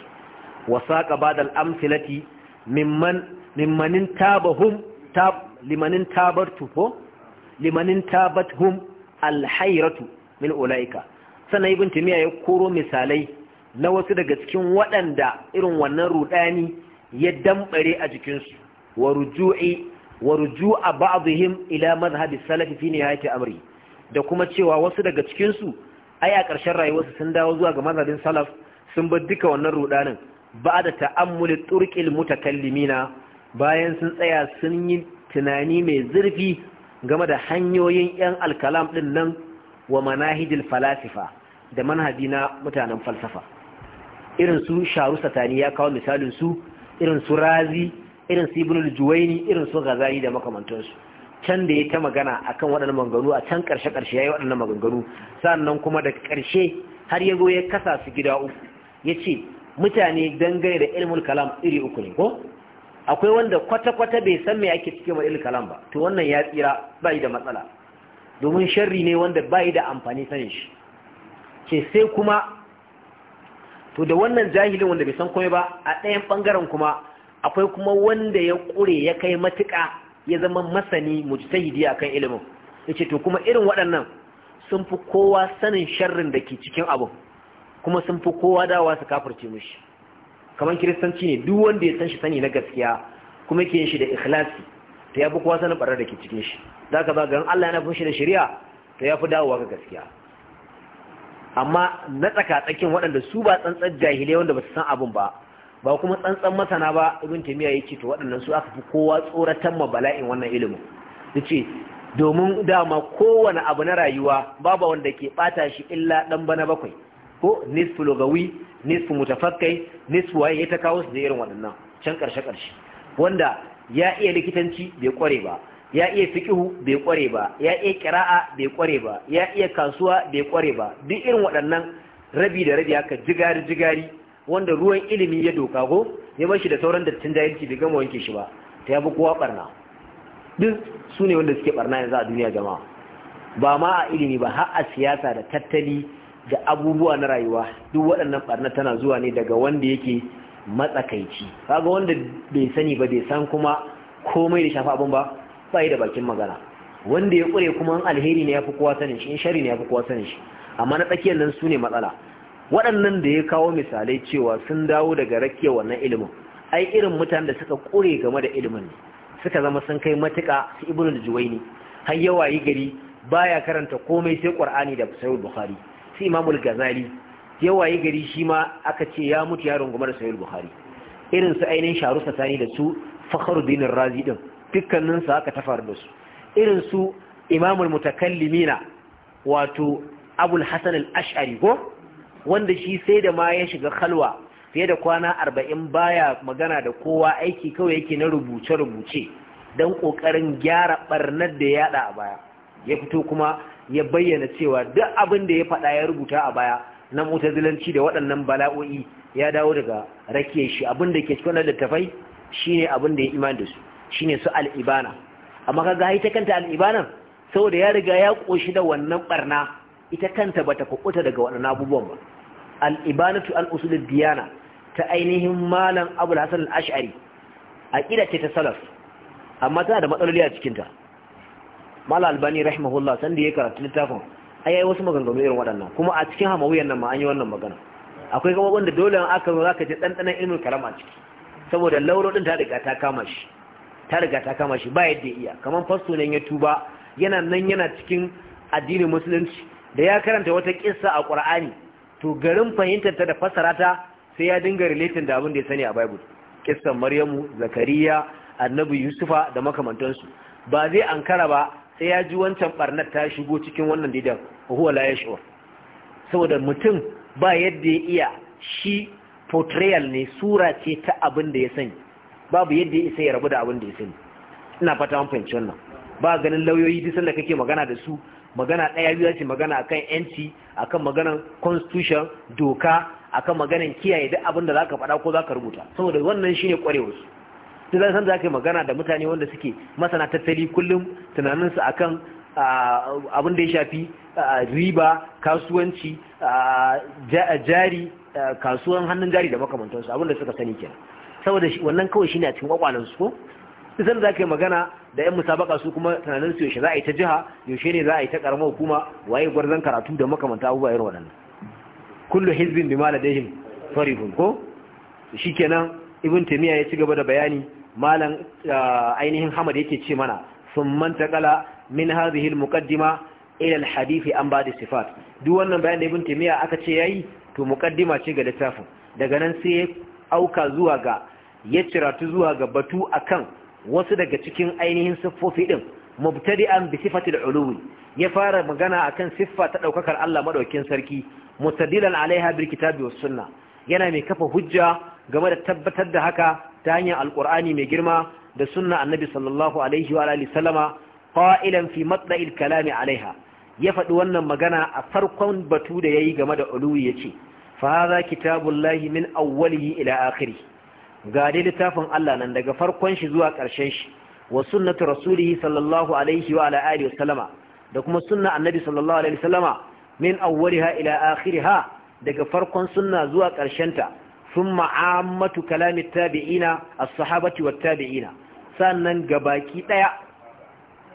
wasaqa badal amsilati mimman mimmanin tabahum tab limanin tabartu ko limanin tabathum alhayratu min ulaika sannan ibn ya koro misalai na wasu daga cikin waɗanda irin wannan rudani ya damɓare a jikinsu wa ruju'i wa ruju'a ba'dihim ila madhhabi salafi fi nihayati amri da kuma cewa wasu daga cikin su ai a ƙarshen rayuwarsu sun dawo zuwa ga madhhabin salaf sun bar duka wannan rudanin ba da ta'ammuli turqil mutakallimina bayan sun tsaya sun yi tunani mai zurfi game da hanyoyin yan alkalam din nan wa manahijil falasifa da manhaji na mutanen falsafa irin su sharu satani ya kawo misalin su irin su razi irin su ibnul juwaini irin su da makamantansu can da ya ta magana akan waɗannan maganganu a can ƙarshe ƙarshe ya yi waɗannan maganganu sannan kuma daga ƙarshe har ya zo ya kasa su gida uku Ya ce mutane dangane da ilmul kalam iri uku ne ko akwai wanda kwata-kwata bai san mai ake cikin ilmul kalam ba to wannan ya tsira bai da matsala domin sharri ne wanda yi da amfani sanin shi ce sai kuma to da wannan jahilin wanda bai san komai ba a ɗayan ɓangaren kuma akwai kuma wanda ya ƙure ya kai matuƙa ya zama masani mujtahidi kan ilimin yace to kuma irin waɗannan sun fi kowa sanin sharrin da ke cikin abin kuma sun fi kowa dawa su kafirce mushi kamar kiristanci ne duk wanda ya san shi sani na gaskiya kuma yake yin shi da ikhlasi to ya fi kowa sanin barar da ke cikin shi zaka ba garin Allah yana fushi da shari'a to ya fi dawowa ga gaskiya amma na tsakatsakin waɗanda su ba tsantsan jahilai wanda ba su san abin ba ba kuma tsantsan masana ba ibn taymiya yake to waɗannan su aka fi kowa tsoratan ma bala'in wannan ilimin yace domin dama kowane abu na rayuwa babu wanda ke bata shi illa dan bana bakwai ko nisfu lugawi nisfu mutafakkai nisfu waye ta kawo su da irin waɗannan can karshe karshe wanda ya iya likitanci bai kware ba ya iya fiƙihu bai ƙware ba ya iya ƙira'a bai ƙware ba ya iya kasuwa bai ƙware ba duk irin waɗannan rabi da rabi haka jigari jigari wanda ruwan ilimi ya doka ko ya bar shi da sauran dattin jahilci bai gama wanke shi ba ta yabi kowa barna duk su ne wanda suke barna yanzu a duniya jama'a ba ma a ilimi ba har a siyasa da tattali da abubuwa na rayuwa duk waɗannan barna tana zuwa ne daga wanda yake matsakaici kaga wanda bai sani ba bai san kuma komai da shafa abin ba bai da bakin magana wanda ya kure kuma an alheri ne ya fi kowa sanin shi in shari ne ya fi kowa sanin shi amma na tsakiyar nan su ne matsala waɗannan da ya kawo misalai cewa sun dawo daga rakiya wannan ilimin ai irin mutanen da suka kure game da ilimin ne suka zama sun kai matuƙa su ibnu da juwaini har yawa yi gari baya karanta komai sai qur'ani da sahih bukhari sai al ghazali yawa yi gari shi ma aka ce ya mutu yaron gumar sahih bukhari irin su ainihin sharu Sani da su fakhruddin razi din dukkaninsu aka ta faru da su irin su imamul mutakallimina wato abul hasan al-ash'ari ko wanda shi sai da ma ya shiga khalwa fiye da kwana arba'in baya magana da kowa aiki kawai yake na rubuce-rubuce don ƙoƙarin gyara ɓarnar da ya a baya ya fito kuma ya bayyana cewa duk abin da ya faɗa ya rubuta a baya na mutazilanci da waɗannan bala'o'i ya dawo daga rake shi abin da ke cikin littattafai shine abin da ya iman da su Shi ne su al'ibana amma kaga ai ita kanta al'ibanan saboda ya riga ya koshi da wannan ɓarna, ita kanta ba ta kukuta daga waɗannan abubuwan ba al'ibanatu an usulul diyana ta ainihin malam abul hasan al-ash'ari aqida ce ta salaf amma tana da matsaloli a cikinta. ta malam albani rahimahullah san da ya karanta littafin a yayi wasu maganganu irin waɗannan kuma a cikin hamawiyan nan ma an yi wannan magana akwai kuma wanda dole an aka zo zaka ji dandanan ilimin kalam a ciki saboda lauro din ta riga ta kama shi ta riga ta kama shi ba yadda iya kamar fasto nan ya tuba yana nan yana cikin addinin musulunci da ya karanta wata kissa a qur'ani to garin fahimtar ta da fassara ta sai ya dinga relating da abin da ya sani a bible kissan maryamu zakariya annabi yusufa da makamantansu ba zai ankara ba sai ya ji wancan barnar ta shigo cikin wannan didan huwa la yashur saboda mutum ba yadda ya iya shi portrayal ne sura ce ta abin da ya sani babu yadda ya isa ya rabu da abin da ya sani ina fata an fahimci wannan ba ganin lauyoyi duk sanda kake magana da su magana ɗaya biyu ce magana akan yanci akan maganan constitution doka akan maganan kiyaye duk abin da zaka faɗa ko zaka rubuta saboda wannan shine ƙwarewar su duk sanda san zaka yi magana da mutane wanda suke masana tattali kullum tunanin su akan abin da ya shafi riba kasuwanci jari kasuwan hannun jari da makamantansu abin da suka sani kenan saboda wannan kawai shine a cikin kwakwalen su ko idan za yi magana da yan musabaka su kuma tunanin su yaushe za a yi ta jiha yaushe ne za a yi ta karamar hukuma waye gwarzan karatu da makamanta abubuwa irin waɗannan kullu hizbin bi ladayhim farihun ko shikenan ibn taymiya ya ci gaba da bayani malam ah, ainihin hamad yake ce mana summan taqala min hadhihi al-muqaddima ila al-hadith an ba'd sifat duk wannan bayanin da ibn taymiya aka ce yayi to muqaddima ce ga littafin daga nan sai ya auka zuwa ga ya ciratu zuwa ga batu akan wasu daga cikin ainihin siffofi din mubtadi'an bi al uluwi ya fara magana akan siffa ta daukakar Allah madaukakin sarki mustadilan alaiha bil kitabi was sunna yana mai kafa hujja game da tabbatar da haka ta hanyar alqur'ani mai girma da sunna annabi sallallahu alaihi wa alihi sallama qailan fi matla'il kalami alaiha ya faɗi wannan magana a farkon batu da yayi game da uluwi yace fa hadha kitabullahi min awwalihi ila akhiri. ga dai littafin Allah nan daga farkon shi zuwa ƙarshen shi wa sunnatu rasulihi sallallahu alaihi wa ala alihi wasallama da kuma sunna annabi sallallahu alaihi wasallama min awwaliha ila akhiriha daga farkon sunna zuwa ƙarshen ta thumma ammatu kalami tabi'ina as-sahabati wat tabi'ina sannan gabaki daya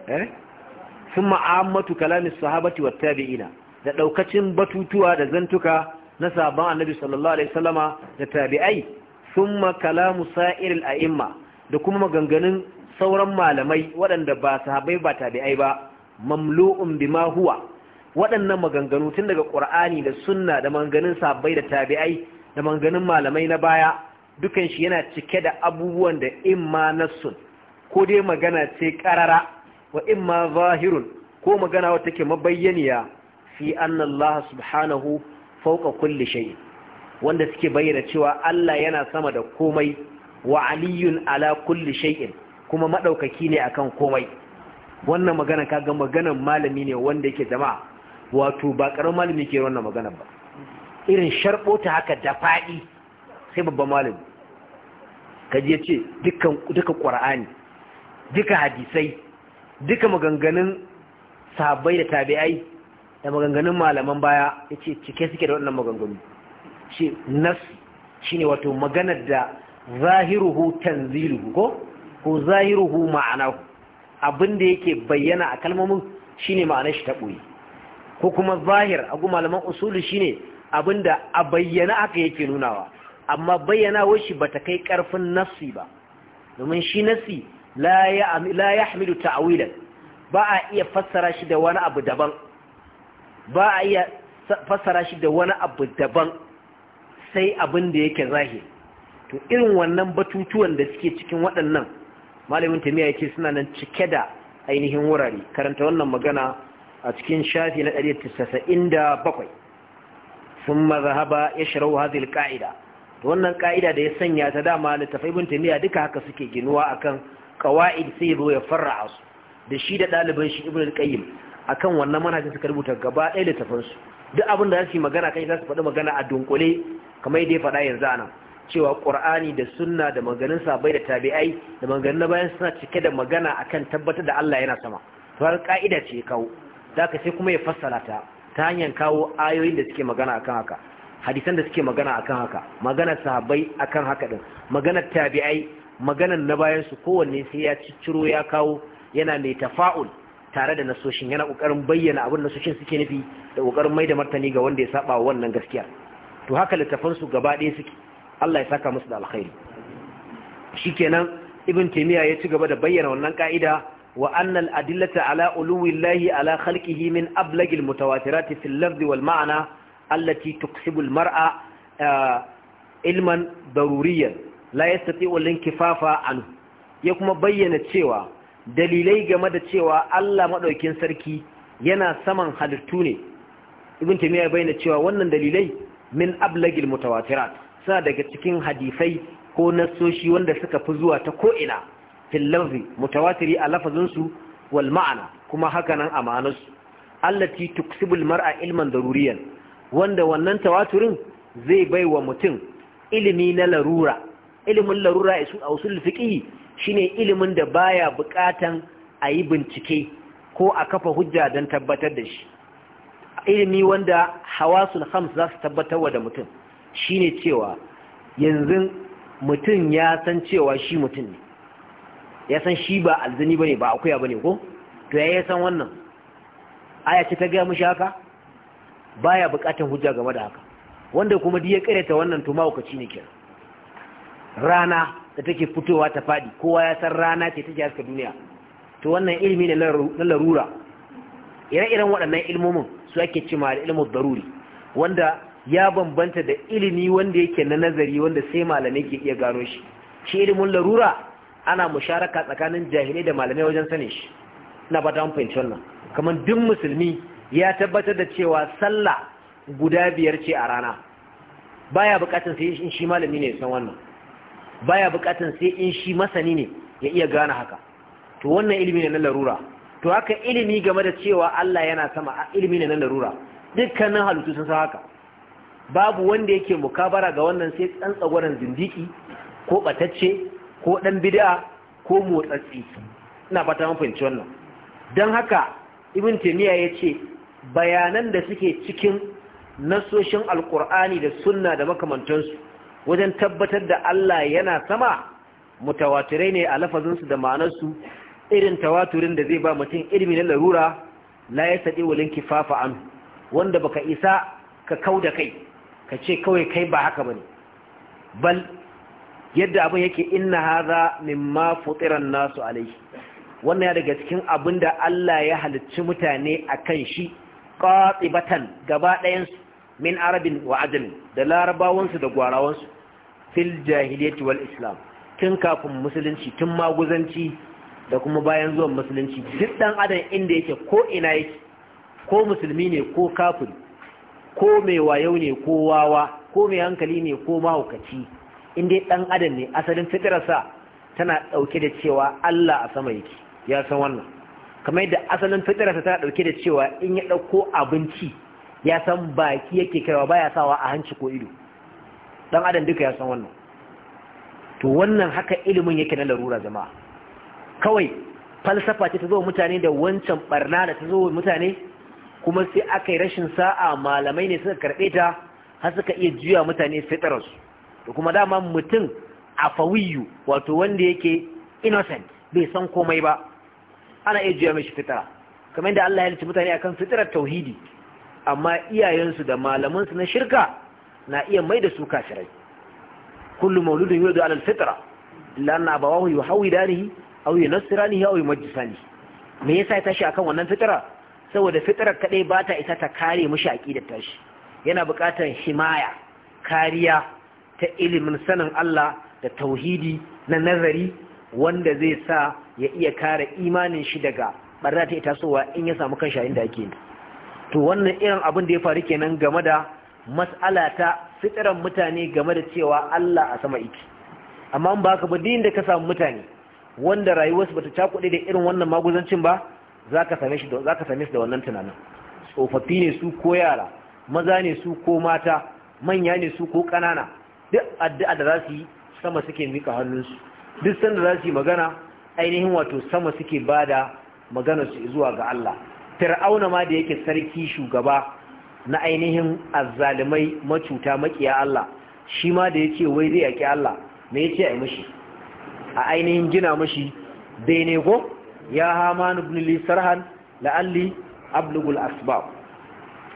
eh thumma ammatu kalami sahabati wat tabi'ina da daukacin batutuwa da zantuka na sahabban annabi sallallahu alaihi wasallama da tabi'ai ثم kalamu sa'iril a'imma da kuma maganganun sauran malamai waɗanda ba sahabbai ba tabi'ai ba mamlu'un bima huwa waɗannan maganganu tun daga ƙur'ani da sunna da maganganun sahabbai da tabi'ai da maganganun malamai na baya dukan shi yana cike da abubuwan da imma nassun ko dai magana ce ƙarara wa imma zahirun ko magana wata ke mabayyaniya fi annallaha subhanahu fawqa kulli shay' wanda suke bayyana cewa Allah yana sama da komai wa aliyun ala kulli shay'in kuma madaukaki ne akan komai wannan magana kaga maganan malami ne wanda yake jama'a wato ba karamin malami ke wannan magana ba irin sharbota haka da fadi sai babban malami kaji yace dukkan duka qur'ani duka hadisai duka maganganun sahabbai da tabi'ai da maganganun malaman baya yace cike suke da wannan maganganu shi nafsi shine wato maganar da zahiruhu tanziluhu ko ko zahiruhu ma'anahu da yake bayyana a kalmomin shine ma'anar shi ta boye ko kuma zahir a gu malaman usuli shine abinda a bayyana aka yake nunawa amma washi ba bata kai karfin nasi ba domin shi nasi la ya hamilu ta'awilan ba a iya fassara shi da wani abu daban ba a iya fassara shi da wani abu daban sai abin da yake zahiri to irin wannan batutuwan da suke cikin waɗannan malamin tamiya yake suna nan cike da ainihin wurare karanta wannan magana a cikin shafi na bakwai, sun mazahaba ya shirau hazil ka'ida to wannan ka'ida da ya sanya ta dama da tafai bin tamiya duka haka suke ginuwa akan kawa'id sai zo ya a su da shi da ɗaliban shi ibn al-qayyim akan wannan manhajin suka rubuta gaba ɗaya littafansu duk abin da za yi magana kan za su faɗi magana a dunkule kamar yadda ya faɗa yanzu anan cewa ƙur'ani da sunna da maganin sabai da tabi'ai da maganin na bayan suna cike da magana akan tabbatar da Allah yana sama to har ka'ida ce kawo zaka sai kuma ya fassara ta ta hanyar kawo ayoyin da suke magana akan haka hadisan da suke magana akan haka maganar sahabbai akan haka din maganar tabi'ai maganar na bayan su kowanne sai ya cicciro ya kawo yana mai tafa'ul tare da nasoshin yana kokarin bayyana abin nasoshin suke nufi da kokarin mai da martani ga wanda ya saba wannan gaskiya to haka littafansu gaba ɗaya suke Allah ya saka musu da alkhairi kenan, ibn taymiya ya ci gaba da bayyana wannan ka'ida wa anna adillata ala uluwillahi ala khalqihi min ablagil mutawatirati fil lafz wal ma'na allati tuksibu al-mar'a eh, ilman daruriyan la yastati'u al-inkifafa an ya kuma bayyana cewa dalilai game da cewa Allah madaukin sarki yana saman halittu ne ibn taymiya ya bayyana cewa wannan dalilai min ablagil mutawatirat sa daga cikin hadisai ko nassoshi wanda suka fi zuwa ta ko'ina fil lafzi mutawatiri a lafazinsu wal ma'ana kuma hakanan amanarsu ma'anarsu allati tuksibul mar'a ilman daruriyan wanda wannan tawaturin zai bai wa mutum ilimi na larura ilimin larura a usul fiqhi shine ilimin da baya buƙatan a yi bincike ko a kafa hujja don tabbatar da shi ilimi wanda hawasul hams za su tabbatar da mutum shi ne cewa yanzu mutum ya san cewa shi mutum ne ya san shi ba ba ne, ba akuya ne, ko to ya yi san wannan aya ta gaya mashi haka ya bukatan hujja game da haka wanda kuma duk ya kareta wannan to ci ne kenan rana da take fitowa ta fadi kowa ya san rana ce take haska duniya to wannan ilimi ne na larura ire-iren waɗannan ilmomin su ake ce ma ilmu daruri wanda ya bambanta da ilimi wanda yake na nazari wanda sai malamai ke iya gano shi shi ilimin larura ana musharaka tsakanin jahilai da malamai wajen sanin shi na ba ta fahimci wannan kamar duk musulmi ya tabbatar da cewa sallah guda biyar ce a rana baya bukatun sai in shi malami ne san wannan baya bukatun sai in shi masani ne ya iya gane haka to wannan ilimi ne na larura to haka ilimi game da cewa Allah yana sama a ilimi ne na larura dukkanin halittu sun san haka babu wanda yake mukabara ga wannan sai tsantsagwaran zindiki ko batacce ko dan bid'a ko motsatsi ina fata mun fahimci wannan dan haka ibn taymiya yace bayanan da suke cikin nasoshin alqur'ani da sunna da makamantansu wajen tabbatar da Allah yana sama mutawatirai ne a lafazinsu da ma'anarsu irin tawaturin da zai ba mutum ilimi na larura la ya sadi walin kifafa an wanda baka isa ka kau da kai ka ce kawai kai ba haka bane bal yadda abin yake inna hadha mimma futiran nasu alaihi wannan ya daga cikin abin da Allah ya halicci mutane a kan shi qatibatan gaba ɗayansu min arabin wa ajami da larabawansu da gwarawansu fil jahiliyyati wal islam tun kafin musulunci tun maguzanci da kuma bayan zuwan musulunci duk dan adam inda yake ko ina yake ko musulmi ne ko kafiri ko mai wayo ne ko wawa ko mai hankali ne ko mahaukaci inda dan adam ne asalin fitirarsa tana dauke da cewa Allah a sama yake ya san wannan kamar yadda asalin fitirarsa tana dauke da cewa in ya dauko abinci ya san baki yake kaiwa baya sawa a hanci ko ido dan adam duka ya san wannan to wannan haka ilimin yake na larura jama'a kawai falsafa ce ta zo mutane da wancan barna da ta zo mutane kuma sai aka yi rashin sa'a malamai ne suka karɓe ta har suka iya juya mutane fitararsu da kuma dama mutum a fawiyu wato wanda yake innocent bai san komai ba ana iya juya mashi fitara kamar yadda Allah ya halitta mutane akan fitarar tauhidi amma iyayensu da malamansu na shirka na iya mai da su kasirai. kullu mauludin da alal fitra illa anna abawahu yuhawidanihi aw yi majisa ne me yasa ya tashi akan wannan fitira saboda fitirar kadai ba ta isa ta kare mishi da tashi yana buƙatar himaya kariya ta ilimin sanin Allah da tauhidi na nazari wanda zai sa ya iya kare imanin shi daga barna ta tasowa in ya samu kan shayin da ake yi to wannan irin abin da ya faru kenan game da mas'ala ta fitirar mutane game da cewa Allah a sama iki amma ba ka ba din da ka samu mutane wanda rayuwarsu bata cakuɗe da irin wannan maguzancin ba zaka same shi su da wannan tunanin tsofaffi ne su ko yara maza ne su ko mata manya ne su ko ƙanana duk addu'a da za su yi sama suke mika hannunsu duk sanda za su yi magana ainihin wato sama suke bada maganar su zuwa ga Allah fir'auna ma da yake sarki shugaba na ainihin azzalimai macuta maƙiya Allah shi ma da yace wai zai yaki Allah me yace ai mishi a ainihin gina mashi bene ko ya hama ibn li sarhan la'alli ablugul asbab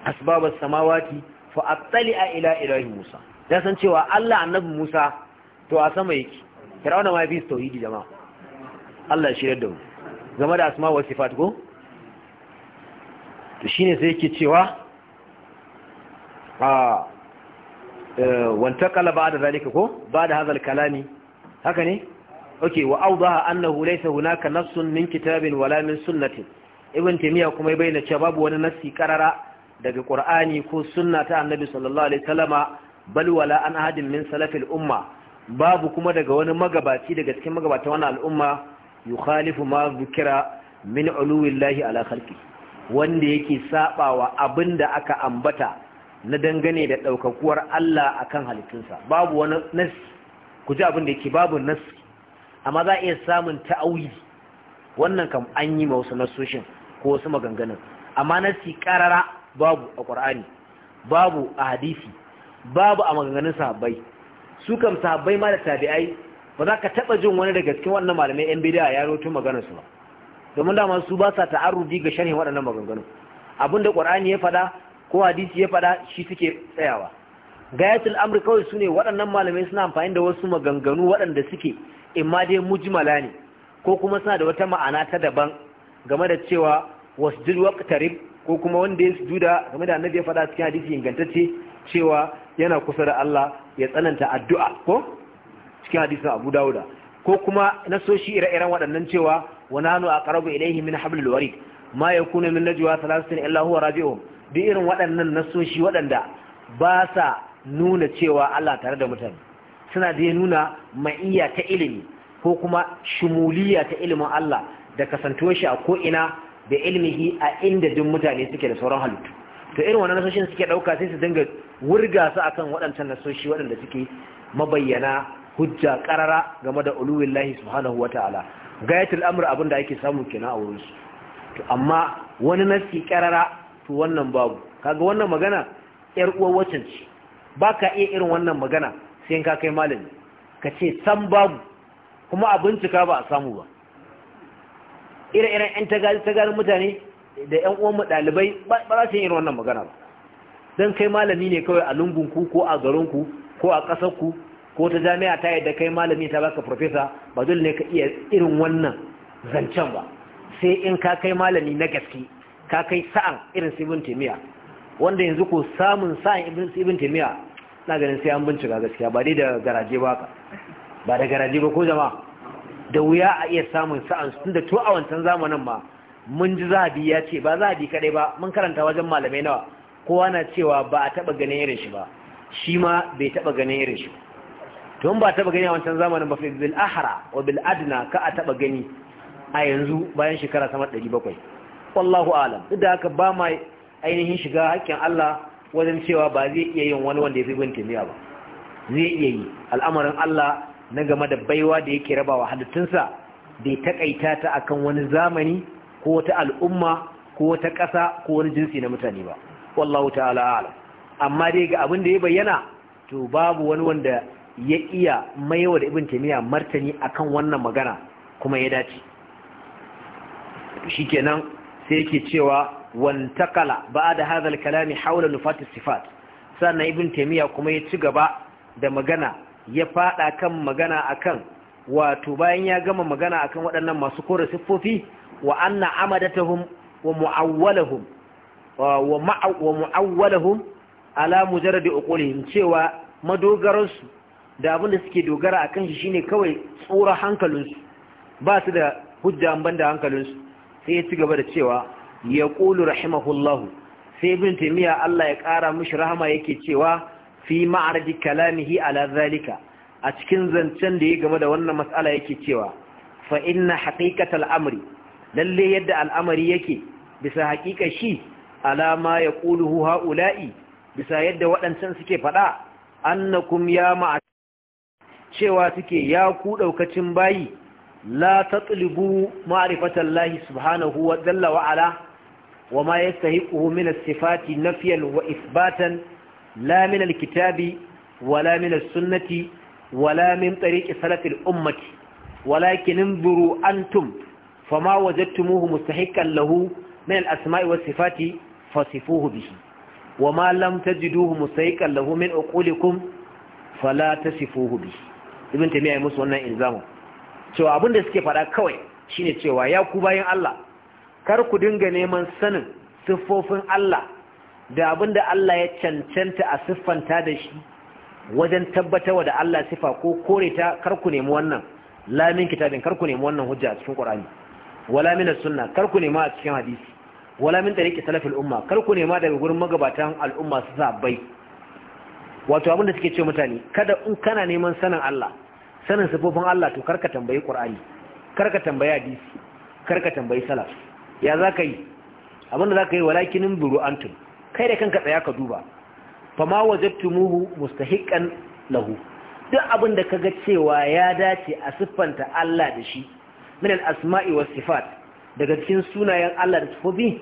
Asbabar samawati fa a ila ilahi musa Ya san cewa Allah annabi musa to a sama yake firawna ma bi tauhidi jama'a Allah shi yadda mu game da asma wa sifat ko to shine sai yake cewa a ah, kalaba eh, da zalika ko ba da al-kalami haka ne okay wa awdaha annahu laysa hunaka nassun min kitabin wala min sunnatin ibn timiya kuma bayyana cewa babu wani nassi karara daga qur'ani ko sunna ta annabi sallallahu alaihi wasallama bal wala an ahadin min salafil umma babu kuma daga wani magabaci daga cikin magabatan wannan al'umma yukhalifu ma zikira min llahi ala khalqi wanda yake sabawa abinda aka ambata na dangane da daukakuwar Allah akan halittunsa babu wani nas ku ji abin da yake babu nas amma za a iya samun ta'auli wannan kam an yi ma wasu nasoshin ko wasu maganganun amma nasi karara babu a ƙwar'ani babu a hadisi babu a maganganun sahabbai su kam sahabbai ma da tabi'ai ba za ka taɓa jin wani daga cikin wannan malamai yan bidiya ya roto maganar su ba domin dama su ba sa ta'arrudi ga sharhin waɗannan maganganun abin da ƙwar'ani ya faɗa ko hadisi ya faɗa shi suke tsayawa gayatul amri kawai su ne waɗannan malamai suna amfani da wasu maganganu waɗanda suke imma dai mujmala ne ko kuma suna da wata ma'ana ta daban game da cewa wasjud waqtarib ko kuma wanda ya sujuda game da annabi ya faɗa cikin hadisi ingantacce cewa yana kusa da Allah ya tsananta addu'a ko cikin hadisin Abu Dawuda ko kuma nasoshi ire-iren waɗannan cewa wa nanu aqrabu ilayhi min hablil warid ma yakunu min najwa thalathatin illa huwa rabi'uhum duk irin waɗannan nasoshi waɗanda ba sa nuna cewa Allah tare da mutane suna da nuna ma'iyya ta ilimi ko kuma shumuliyya ta ilimin Allah da kasantuwar shi a ko'ina da ilimihi a inda duk mutane suke da sauran halittu to irin wannan nasoshin suke ɗauka sai su dinga wurga su akan waɗancan nasoshi waɗanda suke mabayyana hujja ƙarara game da uluwillahi subhanahu wata'ala gayatul amr abin da ake samu kina a wurin su to amma wani nasi ƙarara to wannan babu kaga wannan magana ƴar uwar wacce ce baka iya irin wannan magana sai ka kai malami ka ce san babu kuma a bincika ba a samu ba ire-iren 'yan tagarin mutane da 'yan uwan ɗalibai ba za su yi irin wannan magana ba don kai malami ne kawai a lungunku ko a garinku ko a ƙasarku ko ta jami'a ta yadda kai malami ta baka farfesa ba dole ne ka iya irin wannan zancen ba sai in ka kai malami na gaske ka kai sa'an irin su temiya wanda yanzu ko samun sa'an irin sibin temiya na ganin sai an bincika gaskiya ba dai da garaje ba ka ba da garaje ba ko zama da wuya a iya samun sa'an tun da tun a wancan zamanin ma mun ji zabi ya ce ba za bi kadai ba mun karanta wajen malamai nawa kowa na cewa ba a taba ganin irin shi ba shi ma bai taba ganin irin shi tun ba taba gani a wancan zamanin ba fi bil ahra wa bil adna ka a taba gani a yanzu bayan shekara sama 700 wallahu alam duk da haka ba ma ainihin shiga hakkin Allah wajen cewa ba zai iya yin wani wanda ya fi bin taimiyya ba zai iya yi al'amarin Allah na game da baiwa da yake rabawa halittunsa bai takaita ta akan wani zamani ko wata al'umma ko wata ƙasa ko wani jinsi na mutane ba wallahu ta'ala a'lam amma dai ga abin da ya bayyana to babu wani wanda ya iya maiwa da ibn taymiya martani akan wannan magana kuma ya dace shikenan sai yake cewa wantakala ba da al-kalami haula nufati sifat sannan ibn taymiya kuma ya ci gaba da magana ya faɗa kan magana akan wato bayan ya gama magana akan waɗannan masu kore siffofi wa anna amadatahum wa mu'awwalahum wa mu'awwalahum ala mujarradi uqulihim cewa su da abin da suke dogara akan shi shine kawai tsura hankalinsu ba su da hujja banda da hankalinsu sai ya ci gaba da cewa ya ƙulu rahimahullahu sai ibn taimiyya Allah ya ƙara mushi rahama yake cewa fi ma'arji kalamihi ala zalika a cikin zancen da ya game da wannan matsala yake cewa fa inna haqiqat al'amri lalle yadda al'amari yake bisa haƙiƙa shi alama ya ƙuluhu ha'ula'i bisa yadda waɗancan suke faɗa annakum ya ma'a cewa suke ya ku ɗaukacin bayi la ta tsulibu ma'arifatan lahi subhanahu wa jalla wa ma yastahiquhu min as-sifati nafyan wa isbatan la kitabi wala min as-sunnati wala min tariqi salafil ummati walakin انظروا antum fama wajadtumuhu mustahiqqan lahu min al-asma'i was-sifati fasifuhu bihi وما لم تجدوه مستيقا له من عقولكم فلا تصفوه به ibn tamiya ya musu wannan ilzamu ce abin suke fada kawai shine cewa ya ku bayan Allah kar ku dinga neman sanin siffofin Allah da abin da Allah ya cancanta a siffanta da shi wajen tabbatarwa da Allah sifa ko kore ta kar ku nemi wannan lamin kitabin kar ku nemi wannan hujja a cikin Qur'ani wala min sunna kar ku nema a cikin hadisi wala min tariqi salafil umma kar ku nema daga gurin magabatan al'umma su sabbai wato abin da suke ce mutane kada in kana neman sanin Allah sanin sifofin Allah to karka tambayi Qur'ani karka tambayi hadisi karka tambayi salaf ya za ka yi abinda za ka yi walakinin buru tun? kai da kanka tsaya ka duba fama tumuhu mustahiqan lahu duk abinda ka kaga cewa ya dace a siffanta Allah da shi min al-asma'i was sifat daga cikin sunayen Allah da sifofi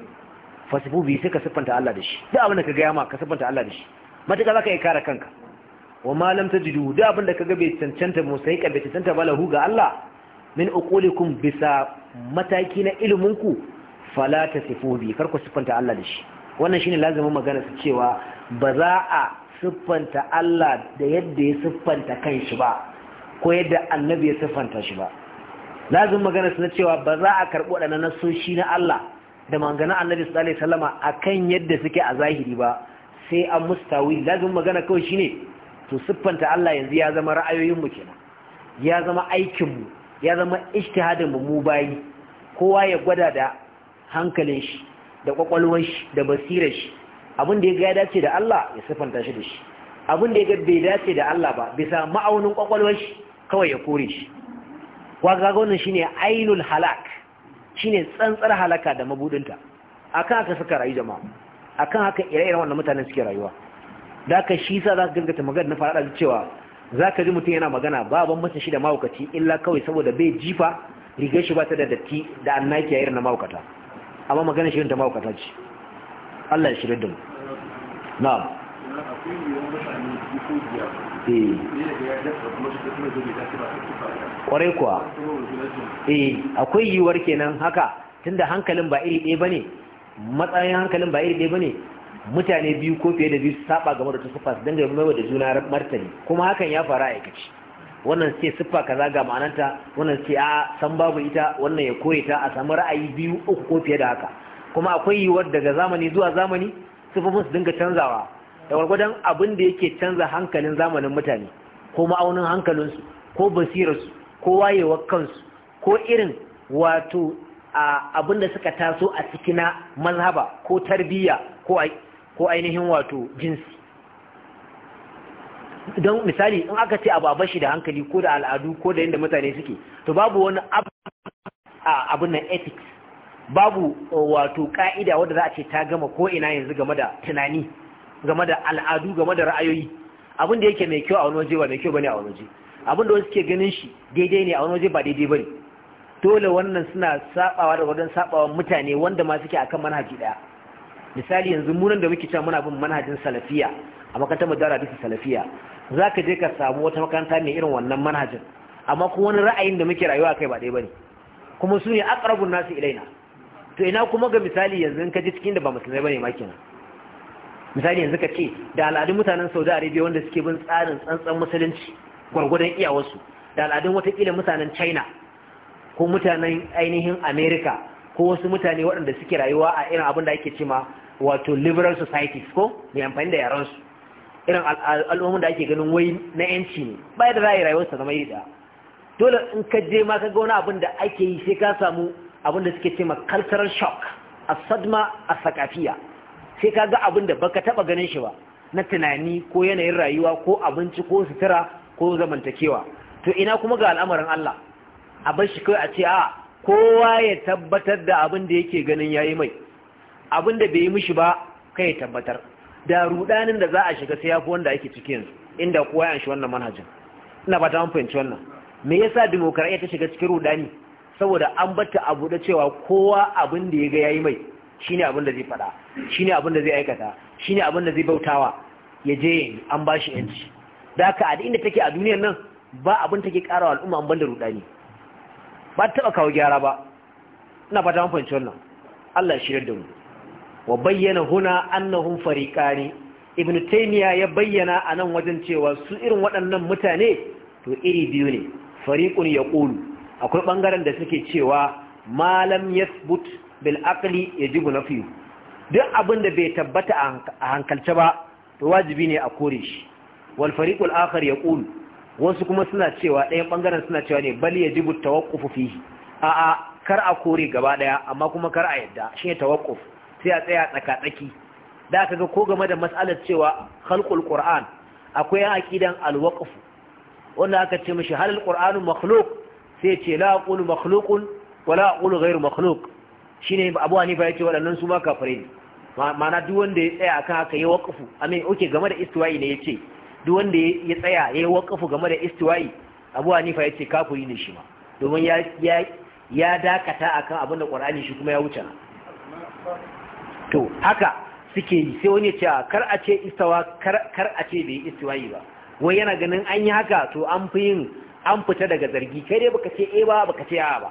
Fasifobi bi sai ka siffanta Allah da shi duk abinda ka ga yama ka siffanta Allah da shi matuƙa ka yi kare kanka wa Malam lam duk abinda ka kaga bai cancanta musaika bai cancanta ba lahu ga Allah min uqulikum bisa mataki na iliminku fala tasifu bi kar siffanta Allah da shi wannan shine lazimin magana su cewa ba za a siffanta Allah da yadda ya siffanta kanshi ba ko yadda annabi ya siffanta shi ba Lazimin magana su na cewa ba za a karɓi waɗannan nasoshi na Allah da mangana annabi sallallahu alaihi wasallama akan yadda suke a zahiri ba sai an mustawi Lazimin magana kawai shine to siffanta Allah yanzu ya zama ra'ayoyin mu kenan ya zama aikin mu ya zama ijtihadin mu mu bayi kowa ya gwada da hankalin shi da kwakwalwar shi da basirar shi abin da ya ga dace da Allah ya sifanta shi da shi abin da ya ga bai dace da Allah ba bisa ma'aunin kwakwalwar shi kawai ya kore shi ga wannan shine ainul halak shine tsantsar halaka da mabudinta akan haka suka rayu jama'a akan haka ire-iren wannan mutanen suke rayuwa da ka shi sa zaka ka magana na faɗa cewa za ka ji mutum yana magana ba ban masa shi da mahaukaci illa kawai saboda bai jifa rigar shi ba ta da datti da annaki a irin na mahaukata amma magana shirin ta mahaukata ce Allah ya shirin da mu na eh. kwarai kuwa eh akwai yiwuwar kenan haka tunda hankalin ba iri ɗaya ba ne, matsayin hankalin ba iri ɗaya ba ne, mutane biyu ko fiye da biyu su saba game da tusufa su dangane mai da juna martani kuma hakan ya faru aikaci wannan ce siffa kaza ga ma'ananta wannan ce a san babu ita wannan ya kore ta a samu ra'ayi biyu uku ko fiye da haka kuma akwai yiwuwar daga zamani zuwa zamani siffofin su dinga canzawa da gwargwadon abin da yake canza hankalin zamanin mutane ko ma'aunin hankalinsu ko basirarsu ko wayewar kansu ko irin wato abin da suka taso a cikina mazhaba ko tarbiyya ko ainihin wato jinsi don misali in aka ce abu a shi da hankali ko da al'adu ko da yadda mutane suke to babu wani abun nan ethics babu uh, wato ka'ida wadda za a ce ta gama ko ina yanzu game da tunani game da al'adu game da ra'ayoyi abin da yake mai kyau a wani waje ba mai kyau bane a wani waje abin da wasu ke ganin shi daidai ne a wani waje ba daidai bane dole wannan suna sabawa da wajen sabawa mutane wanda ma suke akan manhaji daya misali yanzu mu nan da muke cewa muna bin manhajin salafiya a makarantar madara bisa salafiya za ka je ka samu wata makaranta mai irin wannan manhajin amma kuma wani ra'ayin da muke rayuwa kai ba ɗaya ba ne kuma su ne ƙarfin nasu ilaina to ina kuma ga misali yanzu ka ji cikin da ba musulmai ba ne ma kenan misali yanzu ka ce da al'adun mutanen saudi arabia wanda suke bin tsarin tsantsan musulunci gwargwadon iyawarsu da al'adun watakila mutanen china ko mutanen ainihin america ko wasu mutane waɗanda suke rayuwa a irin abin da ake cima wato liberal societies ko mai amfani da yaransu irin al'ummomin da ake ganin wai na yanci ne bai da yi rayuwarsa zama yi da dole in ka je ma ka ga wani abin da ake yi sai ka samu abin da suke ce ma cultural shock a sadma a sakafiya sai ka ga abin da ba ka taba ganin shi ba na tunani ko yanayin rayuwa ko abinci ko sutura ko zamantakewa to ina kuma ga al'amarin Allah a bar shi kawai a ce a kowa ya tabbatar da abin da yake ganin yayi mai abin da bai yi mishi ba kai ya tabbatar da rudanin da za a shiga sai yafi wanda ake ciki yanzu inda kowa ya shi wannan manhajin ina fata mun fahimci wannan me yasa demokradiya ta shiga cikin rudani saboda an batta abu da cewa kowa abin da ya ga yayi mai shine abin da zai fada shine abin da zai aikata shine abin da zai bautawa ya je an bashi yanci da haka a inda take a duniyar nan ba abin take karawa al'umma an banda rudani ba ta taba kawo gyara ba ina fata mun fahimci wannan Allah ya shirya da mu wa bayyana huna annahun annahum fariqani ibn taymiya ya bayyana anan wajen cewa su irin waɗannan mutane to iri biyu ne fariqun yaqulu akwai ɓangaren da suke cewa malam yasbut bil aqli yajibu nafiyu duk abin da bai tabbata a hankalce ba to wajibi ne a kore shi wal fariqul akhar yaqulu wasu kuma suna cewa ɗayan bangaren suna cewa ne bal yajibu tawaqqufu fihi a'a kar a kore gaba daya amma kuma kar a yadda ne tawaqquf sai a tsaya tsakatsaki da aka ga ko game da mas'alar cewa khalqul qur'an akwai yan aqidan al-waqf wanda aka ce mishi halal qur'anu makhluq sai ce la aqulu makhluqun wa la aqulu ghairu makhluq shine Abu Hanifa yace waɗannan su ma kafare ne ma'ana duk wanda ya tsaya akan haka ya waqfu amin oke game da istiwa'i ne yace duk wanda ya tsaya ya waqfu game da istiwa'i Abu Hanifa yace kafiri ne shi ma domin ya ya dakata akan abin da Qur'ani shi kuma ya wuce to haka suke yi sai wani cewa kar a ce istawa kar a ce bai istiwayi ba wai yana ganin an yi haka to an fi yin an fita daga zargi kai dai baka ce eh ba baka ce a ba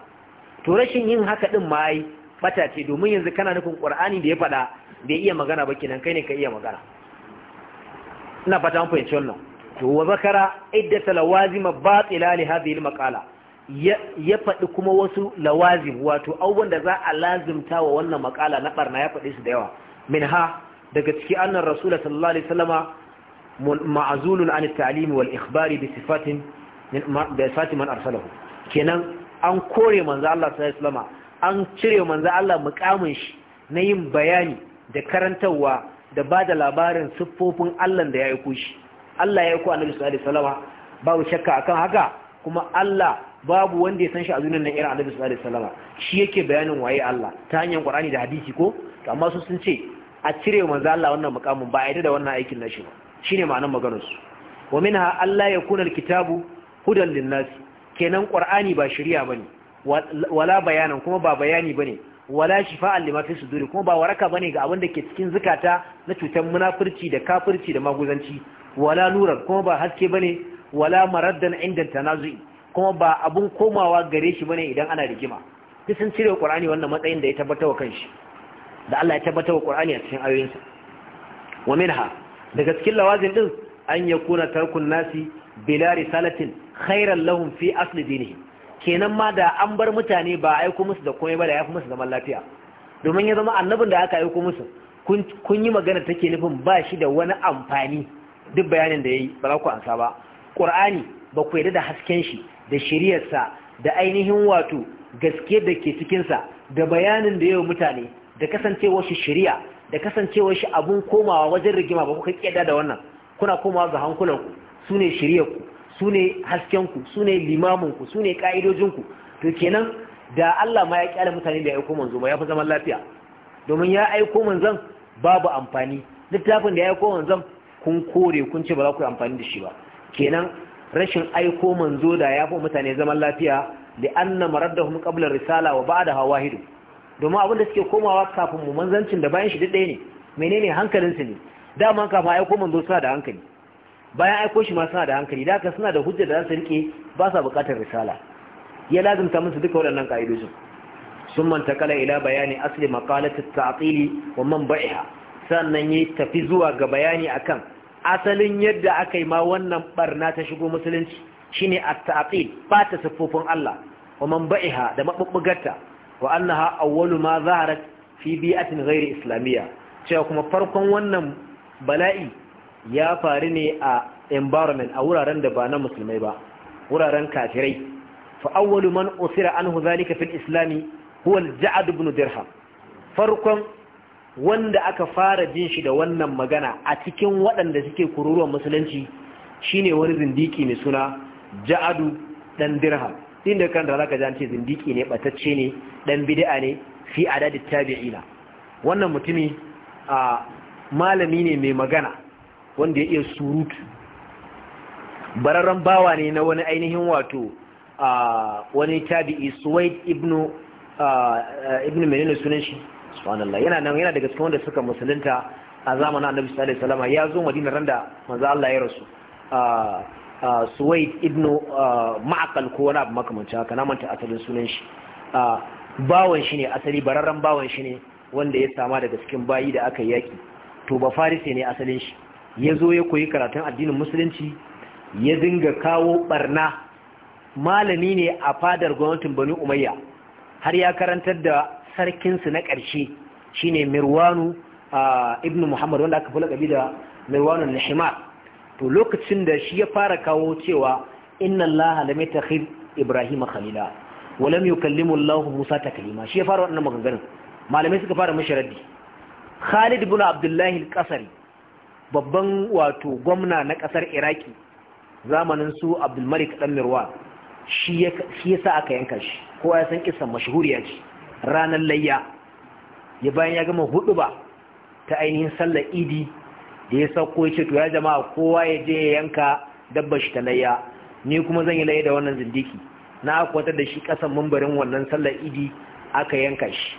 to rashin yin haka din ma yi bata ce domin yanzu kana nufin qur'ani da ya faɗa bai iya magana ba kenan kai ne ka iya magana ina fata an fahimci wannan to wa zakara iddat lawazim batila li hadhihi al maqala ya faɗi kuma wasu lawazim wato abubuwan da za a lazimta wa wannan makala na barna ya faɗi su da yawa min ha daga ciki annan rasulullah sallallahu alaihi wasallama ma'azulun an ta'alimi wal ikhbari bi sifatin bi sifatin man arsalahu kenan an kore manzo Allah sallallahu alaihi wasallama an cire manzo Allah muqamin shi na yin bayani da karantarwa da ba da labarin siffofin Allah da ya yi shi Allah ya yi ku annabi sallallahu alaihi wasallama babu shakka akan haka kuma Allah babu wanda ya san shi a duniyar nan irin annabi sallallahu alaihi wasallam shi yake bayanin waye Allah ta hanyar Qur'ani da hadisi ko amma su sun ce a cire manzo Allah wannan mukamin ba a da wannan aikin nashi ba shine ma'anar maganar su wa minha Allah yakuna kitabu hudan linnas kenan Qur'ani ba shari'a bane wala bayanan kuma ba bayani bane wala shifa'an lima fi suduri kuma ba waraka bane ga abin da ke cikin zukata na cutar munafurci da kafirci da maguzanci wala nuran kuma ba haske bane wala maraddan inda tanazu'i kuma ba abun komawa gare shi bane idan ana rigima duk sun cire Qur'ani wannan matsayin da ya tabbata wa kanshi da Allah ya tabbata wa Qur'ani a cikin ayoyinsa wa minha daga cikin lawazin din an yakuna tarkun nasi bila risalatin khairan lahum fi asli dinihi kenan ma da an bar mutane ba aiko musu da komai ba da ya fi musu zaman lafiya domin ya zama annabin da aka aiko musu kun yi magana take nufin ba shi da wani amfani duk bayanin da yayi ba za ku ansa ba Qur'ani ba ku yarda da hasken shi da shiriyarsa, da ainihin wato gaske da ke cikinsa da bayanin da yau mutane da kasancewar shi shirya da kasancewar shi abun komawa wajen rigima ba kuka kiyada da wannan kuna komawa ga hankulanku su ne shiryarku su ne haskenku su ne limaminku su ne ka'idojinku to kenan da Allah ma ya kyale mutane da ya aiko manzo ba ya fi zaman lafiya domin ya aiko manzon babu amfani littafin da ya aiko manzon kun kore kun ce ba za ku yi amfani da shi ba kenan rashin aiko manzo da ya fi mutane zaman lafiya da anna maraddahum qabla risala wa da hawa hidu domin abin suke komawa kafin mu manzancin da bayan shi duk ɗaya ne menene hankalin hankalinsu ne dama kafin aiko manzo suna da hankali bayan aiko shi ma suna da hankali da haka suna da hujja da za su rike ba sa buƙatar risala ya lazimta musu duka waɗannan ƙa'idojin sun manta kala ila bayani asalin maqalat at wa man ba'iha sannan yi tafi zuwa ga bayani akan asalin yadda aka yi ma wannan barna ta shigo musulunci shine at ba ta siffofin Allah wa man ba'iha da mabubbugarta wa annaha awwalu ma zaharat fi bi'atin ghairi islamiyya cewa kuma farkon wannan bala'i ya faru ne a environment a wuraren da ba na musulmai ba wuraren kafirai fa awwalu man usira anhu zalika fil islami huwa al-ja'd ibn dirham farkon wanda aka fara jin shi da wannan magana a cikin waɗanda suke kururuwan musulunci shine wani zindiki mai suna ja'adu dan dirham din da kan da zaka ji an ce zindiki ne batacce ne dan bid'a ne fi adadi tabi'ina wannan mutumi a malami ne mai magana wanda ya iya surutu bararren bawa ne na wani ainihin wato a wani tabi'i suwaid ibnu ibnu menene sunan shi subhanallah yana nan yana daga cikin wanda suka musulunta a zamanin annabi sallallahu alaihi wasallam ya zo madina da manzo Allah ya rasu suwaid ibn ma'qal ko wani abu makamancin haka na manta asalin sunan shi bawan shi ne asali bararren bawan shi ne wanda ya sama daga cikin bayi da aka yaki to ba farisi ne asalin shi ya zo ya koyi karatun addinin musulunci ya dinga kawo barna malami ne a fadar gwamnatin bani umayya har ya karantar da sarkinsu na ƙarshe shine mirwanu ibn muhammad wanda aka fi laƙabi da mirwanun nahimar to lokacin da shi ya fara kawo cewa inna allaha lam yattakhid ibrahim khalila wa lam yukallimu allah musa taklima shi ya fara wannan maganganun malamai suka fara mashi raddi khalid ibn abdullahi al-qasri babban wato gwamna na ƙasar iraki zamanin su abdulmalik dan mirwan shi ya sa aka yanka shi kowa ya san kisan mashahuriya ce ranar layya ya bayan ya gama hudu ba ta ainihin sallar idi da ya sauko ya ce to ya jama'a kowa ya je ya yanka dabba shi ta layya ni kuma zan yi layya da wannan zindiki na akwatar da shi kasan mambarin wannan sallar idi aka yanka shi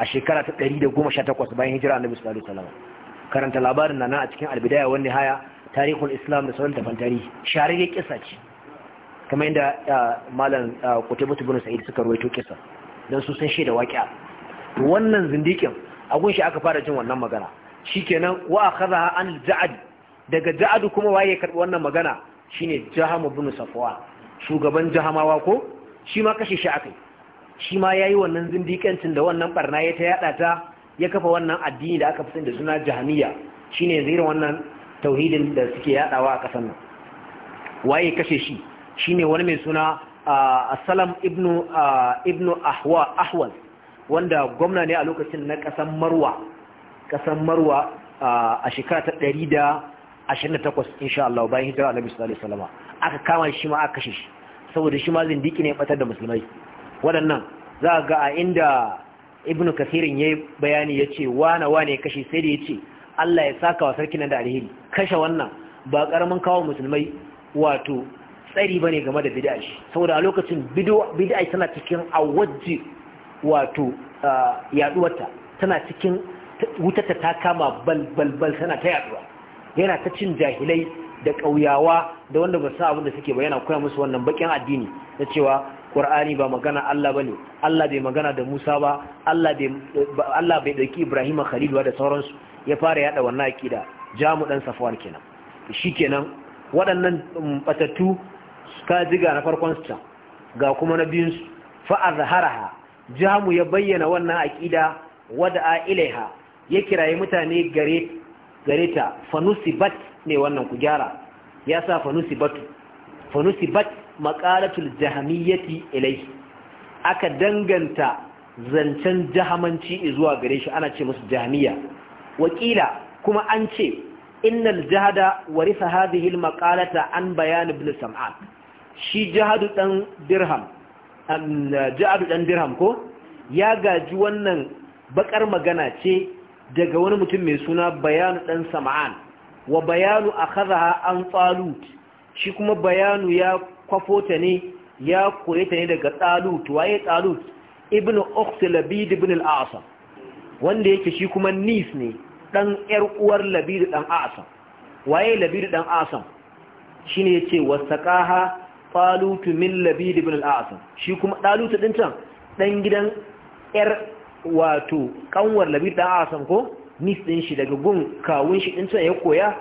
a shekara ta 118 bayan hijira annabi sallallahu alaihi wasallam karanta labarin nan a cikin albidaya wani haya tarihul islam da sauran tafan tarihi kisa ce kamar yadda uh, malam kutubatu uh, bin sa'id suka ruwaito kisa don su shi da waƙiya wannan zindikin abun shi aka fara jin wannan magana shikenan wa akhadha an ja'ad daga ja'ad kuma waye karɓi wannan magana shine jaham ibn safwan shugaban jahamawa ko shi ma kashe shi akai shi ma yayi wannan zindikancin da wannan barna ya ta yada ta ya kafa wannan addini da aka fi da suna jahamiya shine yanzu irin wannan tauhidin da suke yadawa a kasan nan waye kashe shi shine wani mai suna salam Ibn ibnu wanda gwamna ne a lokacin na kasan marwa marwa a shekara ta 128 insha Allah bayan hijira annabi sallallahu alaihi wasallam aka kama shi ma aka kashe shi saboda shi ma zindiki ne batar da musulmai waɗannan za a ga a inda ibnu kasirin yayi bayani yace wana wane ya kashe sai da ya ce Allah ya saka wa nan da alheri kashe wannan ba karamin kawo musulmai wato tsari ba ne game da bid'a saboda a lokacin bid'a tana cikin wajen wato yaduwarta tana cikin wutarta ta kama bal tana ta yaduwa yana ta cin jahilai da ƙauyawa da wanda ba abin da suke ba yana koya musu wannan bakin addini na cewa ƙwar'ani ba magana Allah bane Allah bai magana da Musa ba Allah bai ɗauki Ibrahim Khalil ba da sauransu ya fara yaɗa wannan akida jamu dan Safwan kenan shi kenan waɗannan batattu mm, ka ji na farkon su can ga kuma na biyun su fa azharaha jamu ya bayyana wannan wadda a ilaiha ya kiraye mutane gare ta fanusi fanusibat ne wannan ku gyara ya sa fanusi bat maqalatul jahamiyyati ilaihi aka danganta zancen jahamanci zuwa gare shi ana ce musu jahamiyya wakila kuma an ce innal jahada warisa hadhihi al maqalata an bayani ibn sam'an shi jihadu ɗan dirham jihadu ɗan dirham ko ya gaji wannan bakar magana ce daga wani mutum mai suna bayanu ɗan sama'an wa bayanu a kazaha an tsalut shi kuma bayanu ya kwafo ta ne ya kure ta ne daga tsalut waye tsalut ibn oxy labid ibn al'asa wanda yake shi kuma nis ne ɗan ‘yar uwar labid ɗan asam waye labid ɗan asam shi ne ya ce wasu falutu min labidi bin al’asar shi kuma ɗalutu ɗin can ɗan gidan yar wato ƙanwar labidi ɗan asar ko nis ɗin shi daga gun kawun shi ɗin can ya koya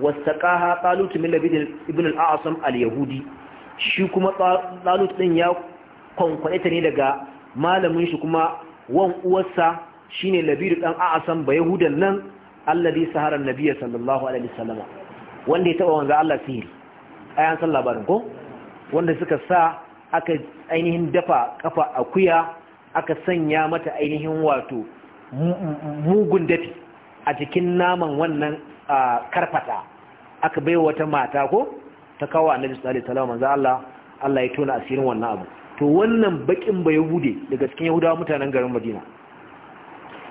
wasaqaha talutu min labid ibn al-a'sam al shi kuma ɗalutu ɗin ya kwankwaneta ne daga malamin shi kuma wan uwarsa ne labidi ɗan asar ba yahudan nan Allah sahara saharar nabiya sallallahu alaihi wanda ya taɓa wanzu Allah sihiri ayan san labarin ko wanda suka sa aka ainihin dafa kafa akuya aka sanya mata ainihin wato mugun dafi a cikin naman wannan karfata aka bai wata mata ko ta kawo annabi sallallahu alaihi wasallam Allah Allah ya tona asirin wannan abu to wannan bakin bai yahude daga cikin yahudawa mutanen garin Madina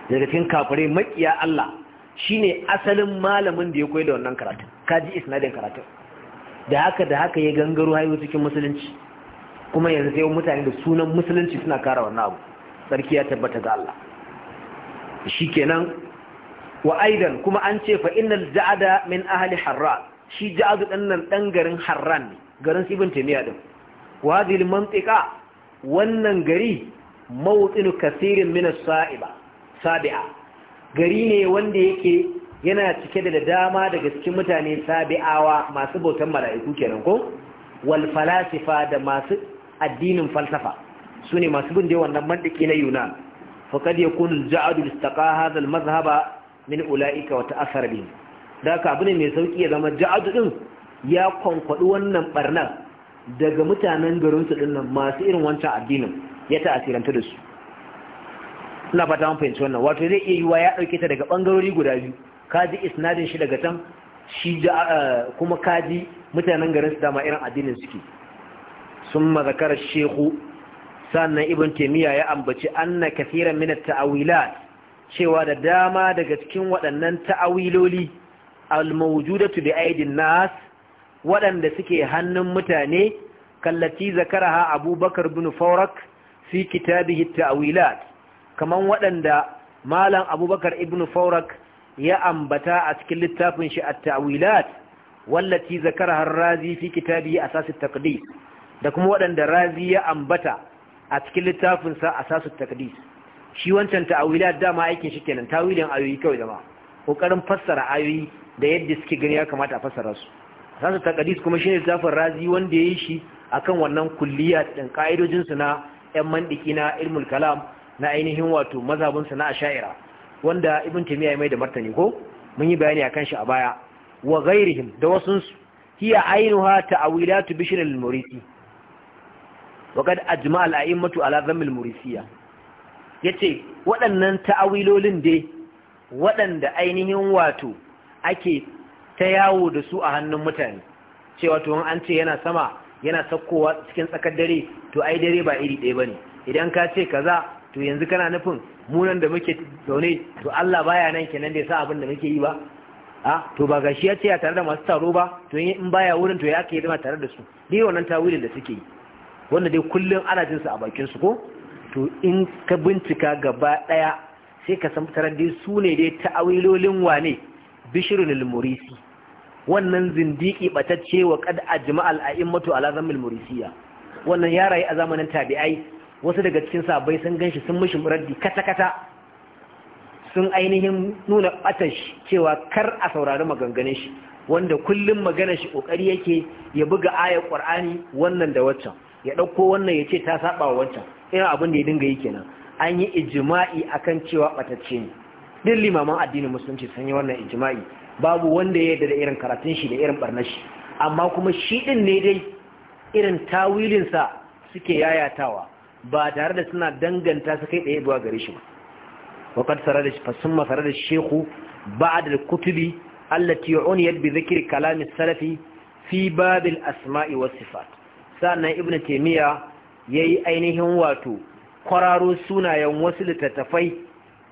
daga cikin kafirai makiya Allah shine asalin malamin da ya koyar da wannan karatu kaji isnadin karatu da haka da haka ya gangaro hayo cikin musulunci kuma yanzu sai mutane da sunan musulunci suna kara wannan abu sarki ya tabbata ga Allah shikenan wa aidan kuma an ce fa innal ja'ada min ahli harra. shi ja'adu dan nan dan garin harran ne garin ibn taymiya din wa hadhihi mantiqa wannan gari mawtinu kaseerin min as-sa'iba sabi'a gari ne wanda yake yana cike da dama daga cikin mutane sabi'awa masu bautan mala'iku kenan ko wal falasifa da masu addinin falsafa sune masu bin da wannan mandiki na yunan faqad yakun ja'adul istaqa hadha al mazhaba min ulaika wa ta'assara bihi da ka abu ne mai sauki ya zama ja'adu din ya konkwadu wannan barnan daga mutanen garin su dinnan masu irin wancan addinin ya ta'asiranta da su ina fata mun fahimci wannan wato zai iya yiwa ya dauke ta daga bangarori guda biyu kaji isnadin shi daga can shi kuma kaji mutanen garin su dama irin addinin suke sun mazakar shehu sannan ibn taimiyya ya ambaci anna kathiran min ta'awila cewa da dama daga cikin waɗannan ta'awiloli al bi aidin nas waɗanda suke hannun mutane kallati zakaraha abubakar bin Faurak fi kitabihi taawilat kaman waɗanda malam abubakar ibn Faurak. ya ambata a cikin littafin shi a tawilat wallati zakara har razi fi kitabihi asas taqdis da kuma waɗanda razi ya ambata a cikin littafin sa asas taqdis shi wancan ta'wilat dama aikin shi kenan tawilin ayoyi kawai dama ƙoƙarin fassara ayoyi da yadda suke gani ya kamata a fassara su A sasu taqdis kuma shine littafin razi wanda ya yi shi akan wannan kulliya din ka'idojin su na yan mandiki na ilmul kalam na ainihin wato mazhabin na asha'ira wanda ibn taymiya ya mai da martani ko mun yi bayani akan shi a baya wa ghairihim da wasun su hiya ainuha ta'wilatu bishr al-murisi wa kad ajma' al-a'immatu ala dhamm al-murisiyya yace waɗannan ta'awilolin dai waɗanda ainihin wato ake ta yawo da su a hannun mutane cewa to an ce yana sama yana sakkowa cikin tsakar dare to ai dare ba iri ɗaya bane idan ka ce kaza to yanzu kana nufin munan da muke zaune to Allah baya nan kenan da ya sa abin da muke yi ba a ah, to ba gashi ya ce ya tare da masu taro ba to in baya wurin to ya ke zama tare da su dai wannan tawilin da suke yi wanda dai kullum ana jinsu a bakin su ko to in ka bincika gaba daya sai ka san tarar dai su ne dai ta'awilolin wane bishirun al-murisi wannan zindiki batacce wa qad ajma'al a'immatu ala zammil murisiya wannan ya rayu a zamanin tabi'ai wasu daga cikin sabai sun ganshi sun mishi muraddi kata-kata sun ainihin nuna batar cewa kar a saurari maganganun shi wanda kullum maganar shi kokari yake ya buga ayar qur'ani wannan da waccan ya dauko wannan ya ce ta saba wa wancan irin abin da ya dinga yi kenan an yi ijma'i akan cewa batacce ne din limaman addinin musulunci sun yi wannan ijma'i babu wanda ya yarda da irin karatun shi da irin barnar shi amma kuma shi din ne dai irin tawilin sa suke yayatawa ba tare da suna danganta su kai ɗaya zuwa gare shi ba wa kan tsara da shehu ba kutubi allah tiyo'un yadda zikir kalami salafi fi babil asma'i wa sifat sa'an ibn taimiyya ya yi ainihin wato kwararo sunayen wasu littattafai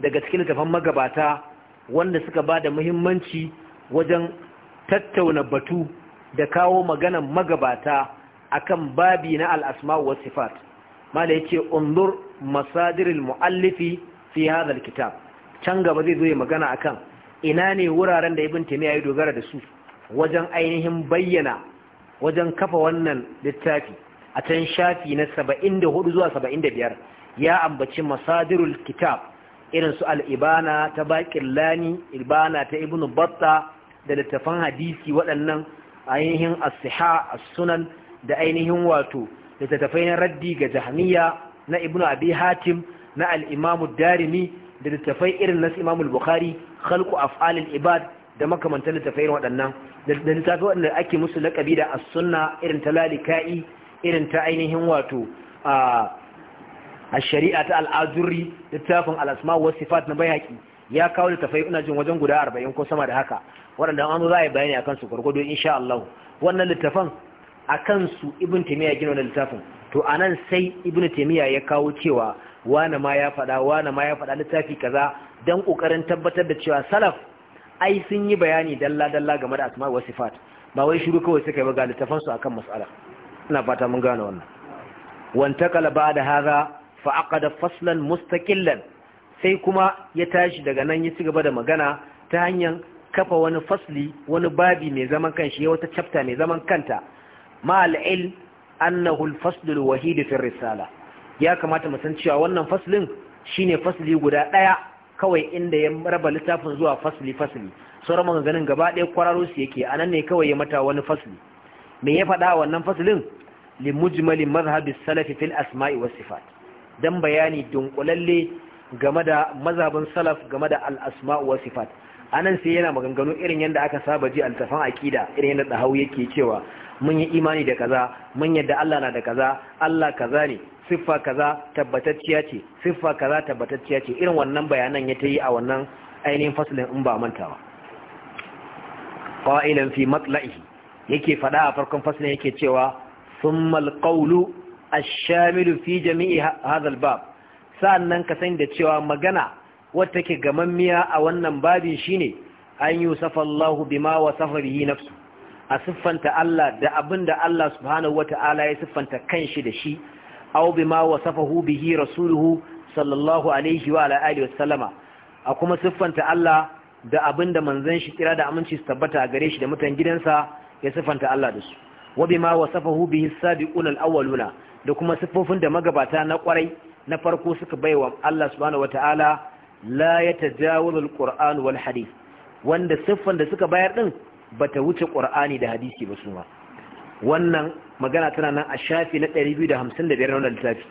daga cikin littattafan magabata wanda suka ba da muhimmanci wajen tattauna batu da kawo maganan magabata akan babi na al wa sifat mala ce undur masadiril muallifi fi hadha alkitab can gaba zai zo ya magana akan ina ne wuraren da ibn taymiya ya dogara da su wajen ainihin bayyana wajen kafa wannan littafi a can shafi na 74 zuwa 75 ya ambaci masadirul kitab irin su al'ibana ta baƙin lani ibana ta ibn batta da littafan hadisi waɗannan ainihin asiha sunan da ainihin wato littattafai na raddi ga Jahamiya, na ibnu abi hatim na al-imamu darimi da littattafai irin na imamu al-bukhari khalqu af'alil ibad da makamantan littattafai irin waɗannan da littattafai waɗanda ake musu laƙabi da as-sunna irin ta lalika'i irin ta ainihin wato a shari'a ta al'azurri littafin al'asma wa sifat na bayaki ya kawo littafai ina jin wajen guda arba'in ko sama da haka waɗanda an za a yi bayani akan su gwargwado insha Allah wannan littattafan. a kansu ibn taimiyya gina wani littafin to a nan sai ibn taimiyya ya kawo cewa wane ma ya faɗa wane ma ya faɗa littafi kaza don ƙoƙarin tabbatar da cewa salaf ai sun yi bayani dalla dalla game da asma wa sifat ba wai shiru kawai suka yi ba ga littafan su akan mas'ala ina fata mun gane wannan wan ba da haza fa aqada faslan mustaqillan sai kuma ya tashi daga nan ya ci gaba da magana ta hanyar kafa wani fasli wani babi mai zaman kanshi ya wata chapter mai zaman kanta ma'alil annahul faslul wahidi fasl fi risala ya kamata mu san cewa wannan faslin shine fasli guda ɗaya kawai inda ya raba littafin zuwa fasli fasli sauran maganganun gaba ɗaya kwararo su yake nan ne kawai ya mata wani fasli me ya faɗa wannan faslin li mujmali salafi fil asma'i was sifat dan bayani dunkulalle game da mazhabin salaf game da al asma'u was sifat anan sai yana maganganu irin yadda aka saba ji altafan akida irin yadda dahau yake cewa mun yi imani da kaza mun yadda Allah na da kaza Allah kaza ne siffa kaza tabbatacciya ce siffa kaza tabbatacciya ce irin wannan bayanan ya ta yi a wannan ainihin fasalin in ba mantawa qailan fi matla'ihi yake fada a farkon fasalin yake cewa thumma alqawlu ash-shamilu fi jami'i hadha al-bab sa'annan ka sani da cewa magana wata ke miya a wannan babin shine an yusafa Allahu bima wa safarihi nafsu a siffanta Allah da abin da Allah subhanahu ta'ala ya siffanta kanshi da shi aw bima wa safahu bihi rasuluhu sallallahu alaihi wa alihi wasallama a kuma siffanta Allah da abin da manzon shi kira da aminci su tabbata gare shi da mutan gidansa ya siffanta Allah da su wa bima wa safahu bihi sabiqun al da kuma siffofin da magabata na kwarai na farko suka baiwa Allah subhanahu ta'ala. la ya tajawuzul qur'an wal hadith wanda siffan da suka bayar din bata wuce qur'ani da hadisi ba su ma wannan magana tana nan a shafi na 255 na littafi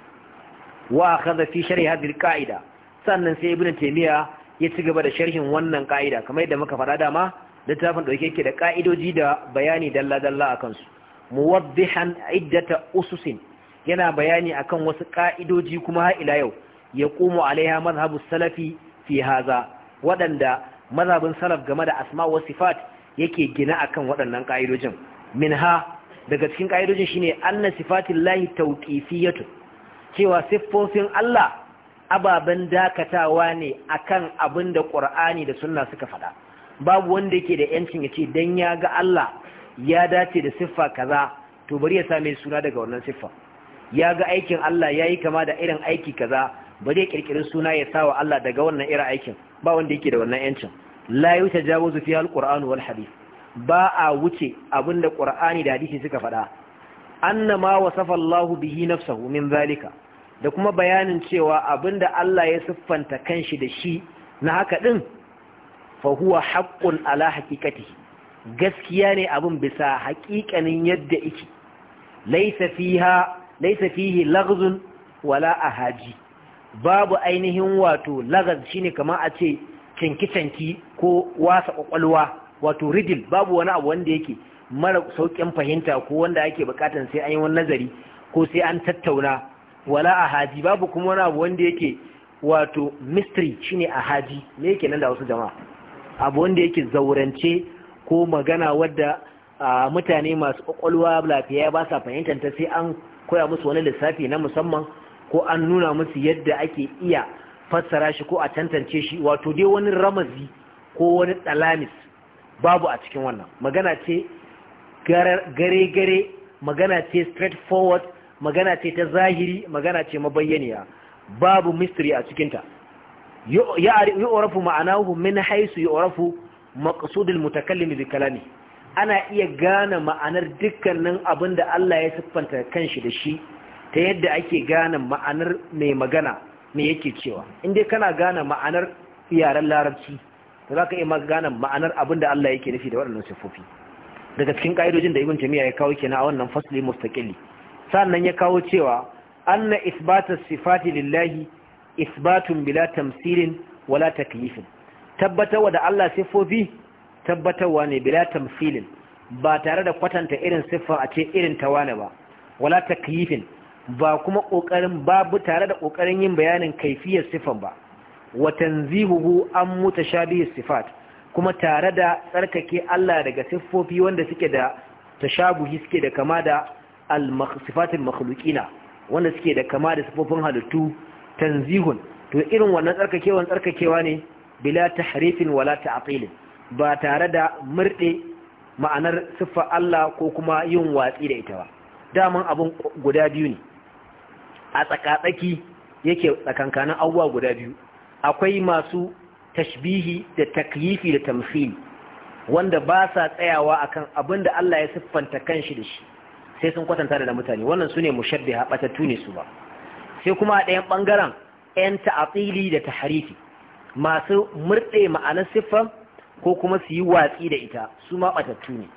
wa akhadha fi sharhi hadhihi al sannan sai ibnu taymiya ya ci gaba da sharhin wannan ka'ida kamar yadda muka faɗa dama littafin dauke yake da ka'idoji da bayani dalla dalla akan su muwaddihan iddata ususin yana bayani akan wasu ka'idoji kuma har ila yau Ya komo alaiha mazhabu salafi fi haza waɗanda mazhabin salaf game da asma wa sifat yake gina akan waɗannan ƙa'idojin minha daga cikin ƙa'idojin shine anna sifatillahi tawqifiyatu cewa siffofin Allah ababen dakatawa ne akan abin da Qur'ani da Sunna suka faɗa babu wanda yake da yancin ya ce dan ya ga Allah ya dace da siffa kaza to bari ya same suna daga wannan siffa ya ga aikin Allah yayi kama da irin aiki kaza ba zai kirkiri suna ya sa wa Allah daga wannan irin aikin ba wanda yake da wannan yancin la yutajawazu fiha alquran wal hadith ba a wuce abinda qur'ani da hadisi suka faɗa annama wasafa Allah bihi nafsahu min zalika da kuma bayanin cewa abinda Allah ya siffanta kanshi da shi na haka din fa huwa haqqun ala haqiqatihi gaskiya ne abin bisa haƙiƙanin yadda yake laysa fiha laysa fihi laghzun wala ahaji babu ainihin wato lagaz shine kamar a ce canki ko wasa kwakwalwa wato riddle babu wani abu wanda yake mara saukin fahimta ko wanda ake bukatan sai an yi wani nazari ko sai an tattauna wala a haji babu kuma wani abu wanda yake wato mystery shine a haji me yake nan da wasu jama'a abu wanda yake zaurance ko magana wadda mutane masu kwakwalwa lafiya ba sa fahimtanta sai an koya musu wani lissafi na musamman ko an nuna musu yadda ake iya fassara shi ko a tantance shi wato dai wani ramazi ko wani dalamis babu a cikin wannan magana ce gare-gare magana ce straightforward magana ce ta zahiri magana ce mabayyaniya babu mystery a cikinta yu'rafu ma'anahu min haisu yu'rafu maqsudul mutakallim bi kalami ana iya gane ma'anar dukkanin abinda Allah ya siffanta kanshi da shi ta yadda ake gane ma'anar mai magana me yake cewa in dai kana gane ma'anar yaren larabci to za ka iya gane ma'anar abin da Allah yake nufi da waɗannan siffofi daga cikin ƙa'idojin da ibn jami'a ya kawo kenan a wannan fasli mustaqili sannan ya kawo cewa anna isbata sifati lillahi isbatun bila tamsilin wala takyifin tabbatarwa da Allah siffofi tabbatarwa ne bila tamsilin ba tare da kwatanta irin siffa a ce irin tawane ba wala takyifin ba kuma kokarin babu tare da kokarin yin bayanin kaifiyar sifan ba wa tanzihuhu an mutashabihi sifat kuma tare da tsarkake Allah daga siffofi wanda suke da tashabuhi suke da kama da al-sifatil wanda suke da kama da siffofin halittu tanzihun to irin wannan tsarkakewan tsarkakewa ne bila tahrifin wala ta'til ba tare da murde ma'anar siffar Allah ko kuma yin watsi da ita ba daman abun guda biyu ne a tsakatsaki yake tsakankanin abubuwa guda biyu akwai masu tashbihi da taklifi da tamfili wanda ba sa tsayawa akan abin da Allah ya siffanta kanshi da shi sai sun kwatanta da mutane wannan su ne mushabbiha batattu ne su ba sai kuma a ɗayan ɓangaren 'yan ta'atili da taharifi masu murɗe ma'anar siffan, ko kuma su yi watsi da ita su ma batattu ne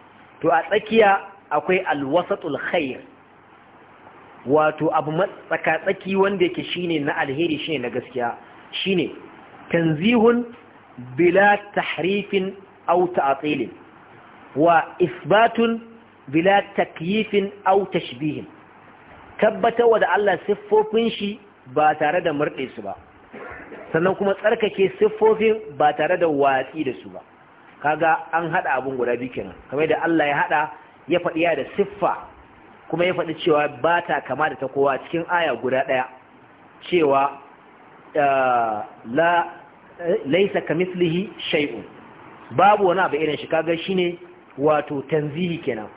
to a tsakiya akwai alwasatul khair wato abu tsaki wanda yake shine na alheri shine na gaskiya shine tanzihun bila tahrifin aw ta'til wa isbatun bila takyifin aw tabbatar tabbatawa da Allah siffofin shi ba tare da murde su ba sannan kuma tsarkake siffofin ba tare da watsi da su ba kaga an hada abun guda bikin kenan kamar da Allah ya hada ya faɗiya da siffa kuma ya faɗi cewa ba ta kama da ta kowa cikin aya guda ɗaya cewa ah, laisa kamislihi shay'un babu wani abu irin shi kaga wato tanzihi kenan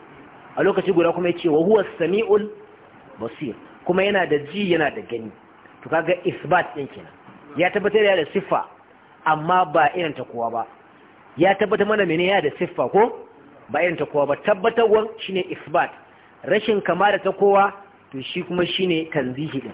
a lokaci guda kuma yace wa huwa samiul basir kuma yana da ji yana da gani to kaga isbat din kenan ya tabbatar da siffa amma ba irin ta kowa ba ya tabbata mana mene ya da siffa ko ba irin ta kowa ba shi shine isbat rashin kama da ta kowa to shi kuma shine tanzihi din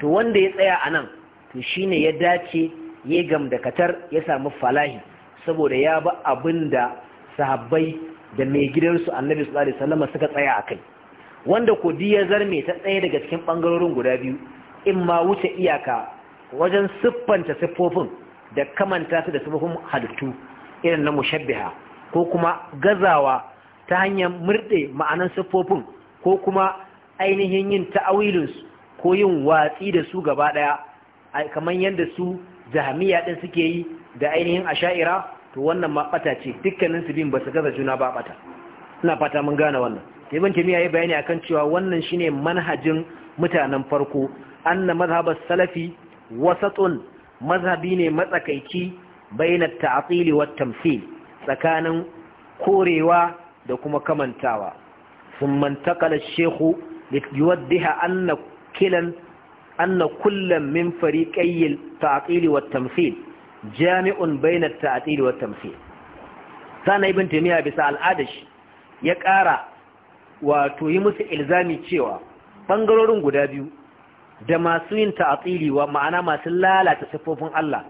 to wanda ya tsaya anan, nan to shine ya dace ya gamdakatar ya samu falahi saboda ya ba abin da sahabbai da mai gidansu annabi sallallahu alaihi wasallam suka tsaya a kai wanda ko ya zarme ta tsaye daga cikin bangarorin guda biyu in ma wuce iyaka wajen siffanta siffofin da kamanta su da siffofin halittu irin na mushabbiha ko kuma gazawa ta hanyar murɗe ma'anan siffofin ko kuma ainihin yin ta'awilinsu ko yin watsi da su gaba daya kamar yadda su jahamiya ɗin suke yi da ainihin asha'ira to wannan ma ɓata ce dukkanin su bin ba su gaza juna ba ɓata ina fata mun gane wannan ibn taymiya yayi bayani akan cewa wannan shine manhajin mutanen farko anna mazhabar salafi wasatun mazhabi ne matsakaici bainat ta'til wa tamthil tsakanin korewa da kuma kamantawa ثم انتقل الشيخ ليوضح أن كلا أن كل من فريقي التعطيل والتمثيل جامع بين التعطيل والتمثيل سانا ابن تيمية بسا العادش يكارا وتهمس إلزامي تشيوا بانغرورون قدابيو da masu yin ta'atili wa ma'ana masu lalata siffofin Allah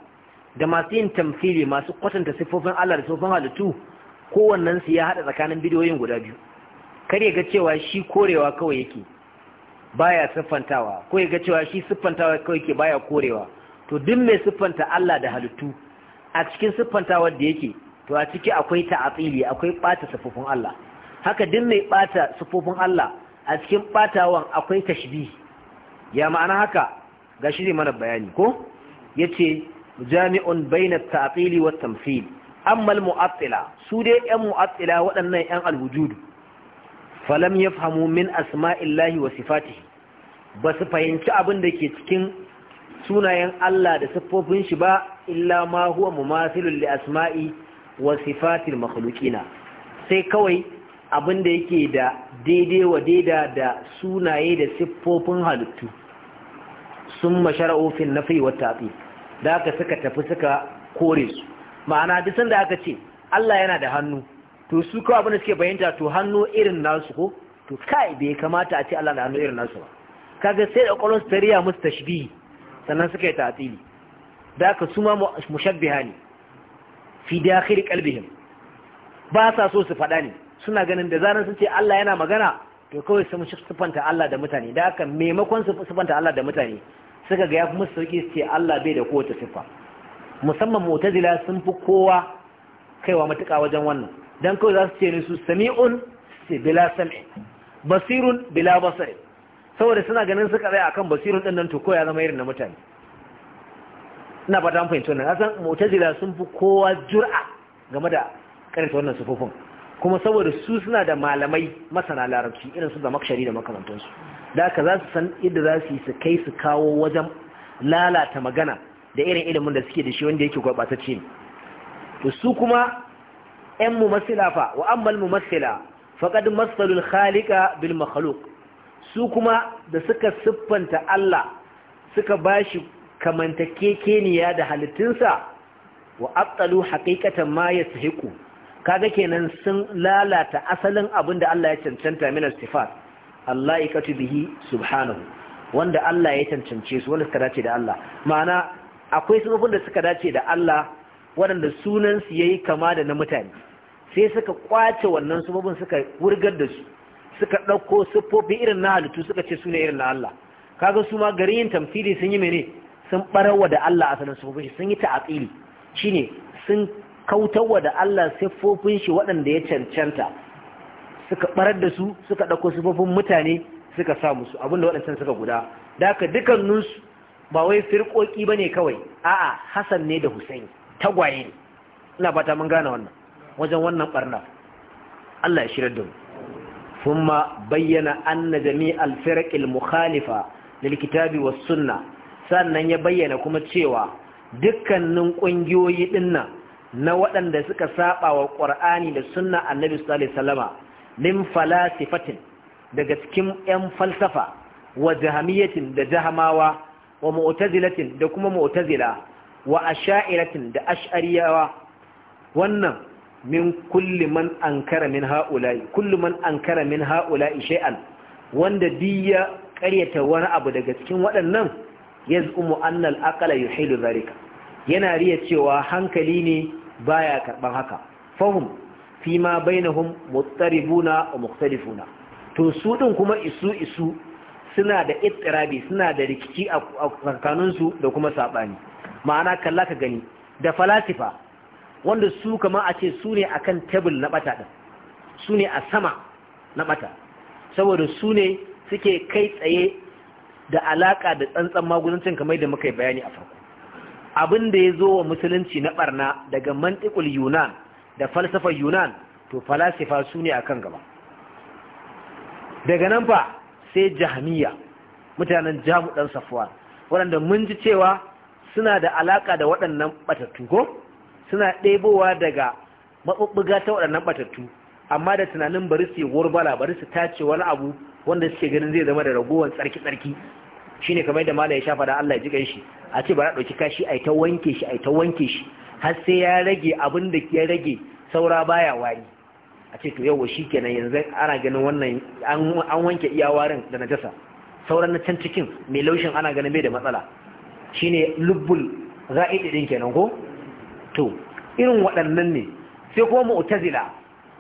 da masu yin tamfili masu kwatanta siffofin Allah da siffofin halittu kowannen su ya hada tsakanin bidiyoyin guda biyu kar ya ga cewa shi korewa kawai yake baya siffantawa ko ya ga cewa shi siffantawa kawai yake baya korewa to duk mai siffanta Allah da halittu a cikin siffantawar da yake to a ciki akwai ta'atili akwai bata sifofin Allah haka duk mai bata sifofin Allah a cikin batawan akwai tashbi ya ma'ana haka gashi ne mana bayani ko yace jami'un baina ta'atili wat tamthil amma al-mu'attila su dai yan mu'attila waɗannan yan al wujudu falam yafhamu min asma'illahi wa sifatihi ba su fahimci abin da ke cikin sunayen Allah da siffofin shi ba illa ma huwa mumathilun li asma'i wa sifatil makhluqina sai kawai abin da yake da daidai wa daida da sunaye da siffofin halittu sun mashara'u fil nafi wa ta'fi da aka suka tafi suka kore su ma'ana duk sanda aka ce Allah yana da hannu to su kawai abin da suke fahimta to hannu irin nasu ko to kai bai kamata a ce Allah na hannu irin nasu ba kaga sai da kwallon su tariya musu tashbihi sannan suka yi tatsili da aka su ma mushabbiha ne fi dakhil qalbihim ba sa so su faɗa ne suna ganin da zaran sun ce Allah yana magana to kawai sun sifanta Allah da mutane da aka maimakon su sifanta Allah da mutane suka ga yafi musu sauki su ce Allah bai da kowace siffa musamman mu'tazila sun fi kowa kaiwa matuƙa wajen wannan dan kawai za su ce ne su sami'un sai bila sam'i basirun bila basari saboda suna ganin suka tsaya akan basirun din nan to ko ya zama irin na mutane ina fata an fahimci wannan asan mu'tazila sun fi kowa jur'a game da karanta wannan sufufin kuma saboda su suna da malamai masana larabci irin su da makshari da makamantansu da aka za su san inda za su yi su kai su kawo wajen lalata magana da irin ilimin da suke da shi wanda yake gurɓatacce ne to su kuma 'yan mumassila fa wa ammal mumassila faqad masalul khaliqa bil makhluq su kuma da suka siffanta Allah suka bashi kamantakekeniya da halittunsa wa abtalu haƙiƙatan ma yastahiqu kaga kenan sun lalata asalin abin da Allah ya cancanta min sifat Allah ikatu bihi subhanahu wanda Allah ya cancance su wanda suka dace da Allah ma'ana akwai sunufin da suka dace da Allah waɗanda sunansu su yayi kama da na mutane sai suka kwace wannan sufofin suka wurgar da su suka ɗauko siffofi irin na halittu suka ce su ne irin na Allah kaga su ma gari yin tamfili sun yi mene sun barawa da Allah asalin siffofin shi sun yi ta'atili shine sun kautarwa da Allah siffofin shi waɗanda ya cancanta suka barar da su suka ɗauko siffofin mutane suka sa musu abinda waɗancan suka guda da haka dukkaninsu ba wai firƙoƙi ba ne kawai a'a Hassan ne da husain tagwaye ne ina fata mun gane wannan wajen wannan barna Allah ya shirar da mu kuma bayyana anna jami'al firqil mukhalifa lil kitabi was sannan ya bayyana kuma cewa dukkanin kungiyoyi dinnan na waɗanda suka saba wa Qur'ani da sunna Annabi sallallahu alaihi wasallama min falasifatin daga cikin 'yan falsafa wa jahamiyatin da jahamawa wa mu'tazilatin da kuma mu'tazila wa asha'iratin da ash'ariyawa wannan min kulli man min ha'ula'i kullu man ankara min ha'ula'i wanda diya ƙaryata wani abu daga cikin waɗannan yaz'umu anna al-aqla yuhilu yana riya cewa hankali ne baya karban haka fahum fima bainahum muttaribuna wa mukhtalifuna to su ɗin kuma isu isu suna da ittirabi suna da rikici a tsakaninsu da kuma saɓani, ma'ana kalla ka gani da falasifa wanda su kama a ce su ne a kan tebul na bata ɗin su ne a sama na bata saboda su ne suke kai tsaye da alaƙa da tsantsan magudancin kamar da muka yi bayani a farko abin da ya zo wa musulunci na barna daga mantikul yunan da falsafar yunan to falasifa su ne a kan gaba daga nan fa sai jahamiya mutanen jamu ɗan safuwa waɗanda mun ji cewa suna da alaƙa da waɗannan ɓatattu ko suna ɗebowa daga maɓuɓɓuga ta waɗannan ɓatattu amma da tunanin bari su yi gurbala bari su tace wani abu wanda suke ganin zai zama da ragowar tsarki-tsarki shine kamar da malam ya shafa da Allah ya ji shi a ce bara ɗauki kashi a yi ta wanke shi a yi ta wanke shi har sai ya rage abin da ya rage saura baya wari a ce to shi kenan yanzu ana ganin wannan an wanke iya warin da najasa sauran na can cikin mai laushin ana ganin bai da matsala shine lubbul za'id din kenan ko to irin waɗannan ne sai kuma mu'tazila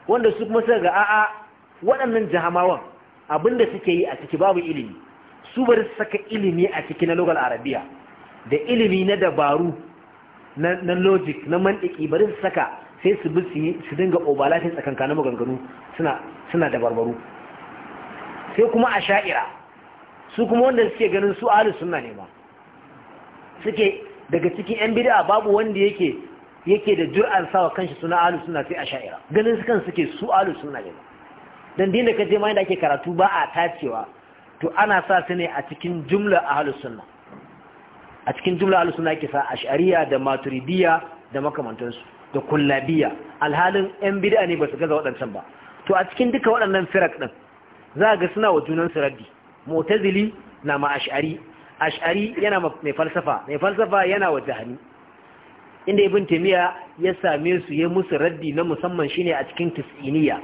wanda su kuma suka ga a'a waɗannan jahamawan abinda suke yi a ciki babu ilimi su bari su saka ilimi a ciki na lugal arabiya da ilimi na dabaru na logic na mantiki bari su saka sai su bi su dinga obalatin na maganganu suna suna dabarbaru sai kuma a sha'ira su kuma wanda suke ganin su ahlus sunna ne ma suke daga cikin yan bid'a babu wanda yake yake da jur'an sawa kanshi suna alu suna sai a sha'ira ganin su kan suke su alu suna ne dan dinda ka je ma inda ake karatu ba a tacewa to ana sa su ne a cikin jumla ahlus sunna a cikin jumla ahlus sunna ke sa ash'ariya da maturidiyya da makamantansu da kullabiya alhalin yan bid'a ne ba su gaza waɗancan ba to a cikin duka waɗannan firak din za ga suna wa junan su raddi mu'tazili na ma ash'ari ash'ari yana mai falsafa mai falsafa yana wa jahani inda ibn taymiya ya same su ya musu raddi na musamman shine a cikin tisiniya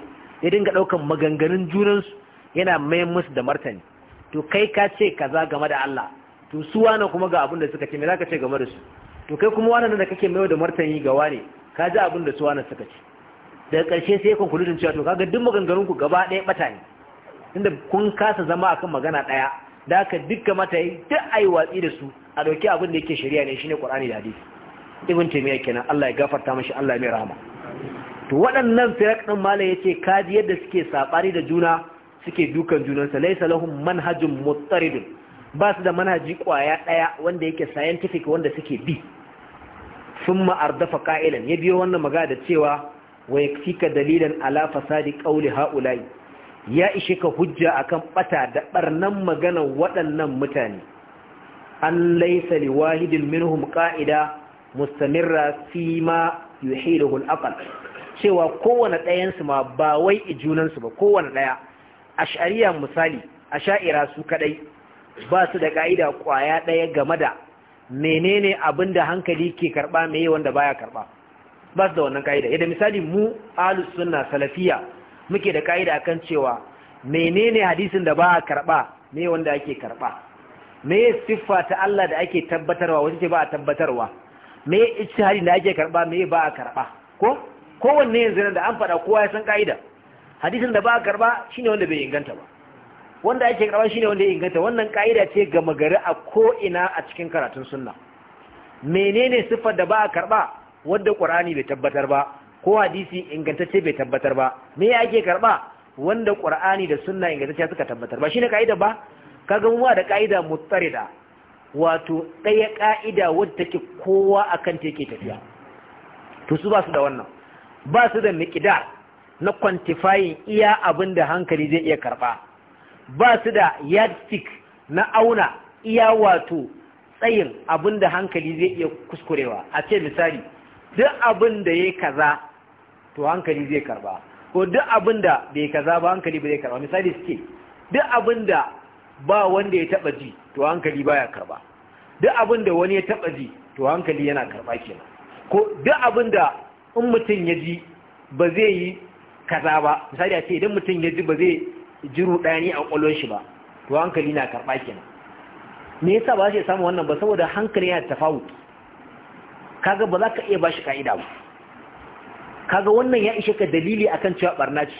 ya dinga daukan maganganun junan su yana mayan musu da martani to kai ka ce kaza game da Allah to su wane kuma ga abin da suka ce me zaka ce game da su to kai kuma wani da kake mayo da martani ga wane ka ji abin da su wane suka ce daga ƙarshe sai conclusion cewa to kaga duk maganganun ku gaba ɗaya bata ne tunda kun kasa zama akan magana ɗaya da haka dukkan mata yi duk ayi watsi da su a dauki abin da yake shari'a ne shine Qur'ani da hadisi ibn taymiya kenan Allah ya gafarta mashi Allah mai rahama to waɗannan firak din malai yace kadi yadda suke sabari da juna suke dukan junansa laysa lahum manhajun muttarid ba su da manhaji kwaya daya wanda yake scientific wanda suke bi thumma ardafa qa'ilan ya biyo wannan magana da cewa wa yakfika dalilan ala fasadi qawli haula'i ya ishe ka hujja akan bata da barnan magana waɗannan mutane an laisa liwahidin minhum qa'ida mustamirra fi ma yuhiruhu al-aqal cewa kowane ɗayan su ma ba wai ijunan su ba kowanne ɗaya ash'ariya misali asha'ira su kadai ba su da ka'ida kwaya ɗaya game da menene abin hankali ke karba meye wanda baya karba ba su da wannan ka'ida yadda misali mu alus sunna salafiya muke da ka'ida kan cewa menene hadisin da ba a karba me wanda ake karba me siffa ta Allah da ake tabbatarwa wace ce ba a tabbatarwa me ijtihadi na ake karba me ba a karba ko kowanne yanzu da an fada kowa ya san kaida hadisin da ba a karba shine wanda bai inganta ba wanda ake karba shine wanda ya inganta wannan kaida ce ga magari a ko ina a cikin karatun sunna menene siffar da ba a karba wanda qur'ani bai tabbatar ba ko hadisi ingantacce bai tabbatar ba me ake karba wanda qur'ani da sunna ingantacce suka tabbatar ba shine kaida ba kaga mu da kaida muttarida wato ɗaya ƙa'ida wadda take kowa a kan take tafiya to su ba su da wannan ba su da miƙida na kwantifayin iya abin da hankali zai iya karɓa ba su da yardstick na auna iya wato tsayin abin da hankali zai iya kuskurewa a ce misali duk abin da ya kaza to hankali zai karɓa ko duk abin da bai kaza ba hankali ba zai karɓa misali suke duk abin da ba wanda ya taba ji to hankali baya karba duk abin da wani ya taba ji to hankali yana karba kenan ko duk abin da in mutum ya ji ba zai yi kaza ba misali a ce idan mutum ya ji ba zai ji rudani a kwallon shi ba to hankali na karba kenan me yasa ba shi samu wannan ba saboda hankali yana tafawut kaga ba za ka iya ba shi ka'ida ba kaga wannan ya ishe ka dalili akan cewa barna ce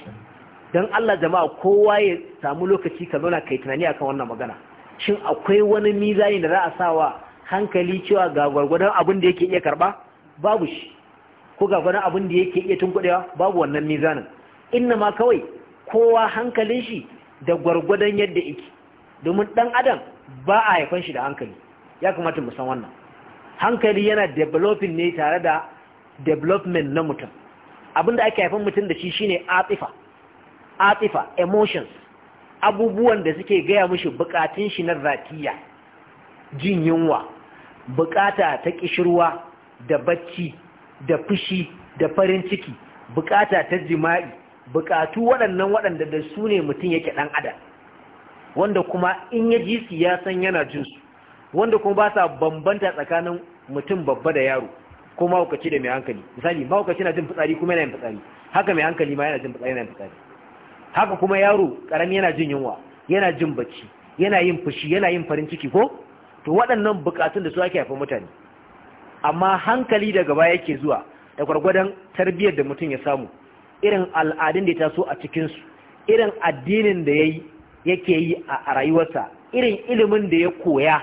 don Allah jama'a kowa ya samu lokaci ka zauna kai tunani akan wannan magana shin akwai wani mizani da za a sawa hankali cewa ga gwargwadon abin da yake iya karba babu shi ko ga gwargwadon abin da yake iya tunkuɗewa babu wannan mizanin inna ma kawai kowa hankalin shi da gwargwadon yadda yake domin dan adam ba a haifan shi da hankali ya kamata mu san wannan hankali yana developing ne tare da development na mutum abin da ake haifan mutum da shi shine atifa atifa emotions abubuwan da suke gaya mushi bukatun shi na zatiya jin yunwa bukata ta kishirwa da bacci da fushi da farin ciki bukata ta jima'i bukatu waɗannan waɗanda da su ne mutum yake ɗan adam wanda kuma in ya ji su ya san yana jin su wanda kuma ba sa bambanta tsakanin mutum babba da yaro ko mahaukaci da mai hankali misali mahaukaci na jin fitsari kuma yana yin fitsari haka mai hankali ma yana jin fitsari yana yin fitsari haka kuma yaro karami yana jin yunwa yana jin bacci yana yin fushi yana yin farin ciki ko to waɗannan buƙatun da su ake haifar mutane amma hankali daga baya yake zuwa da gwargwadon tarbiyyar da mutum ya samu irin al'adun da ya taso a cikinsu irin addinin da ya yake yi a rayuwarsa irin ilimin da ya koya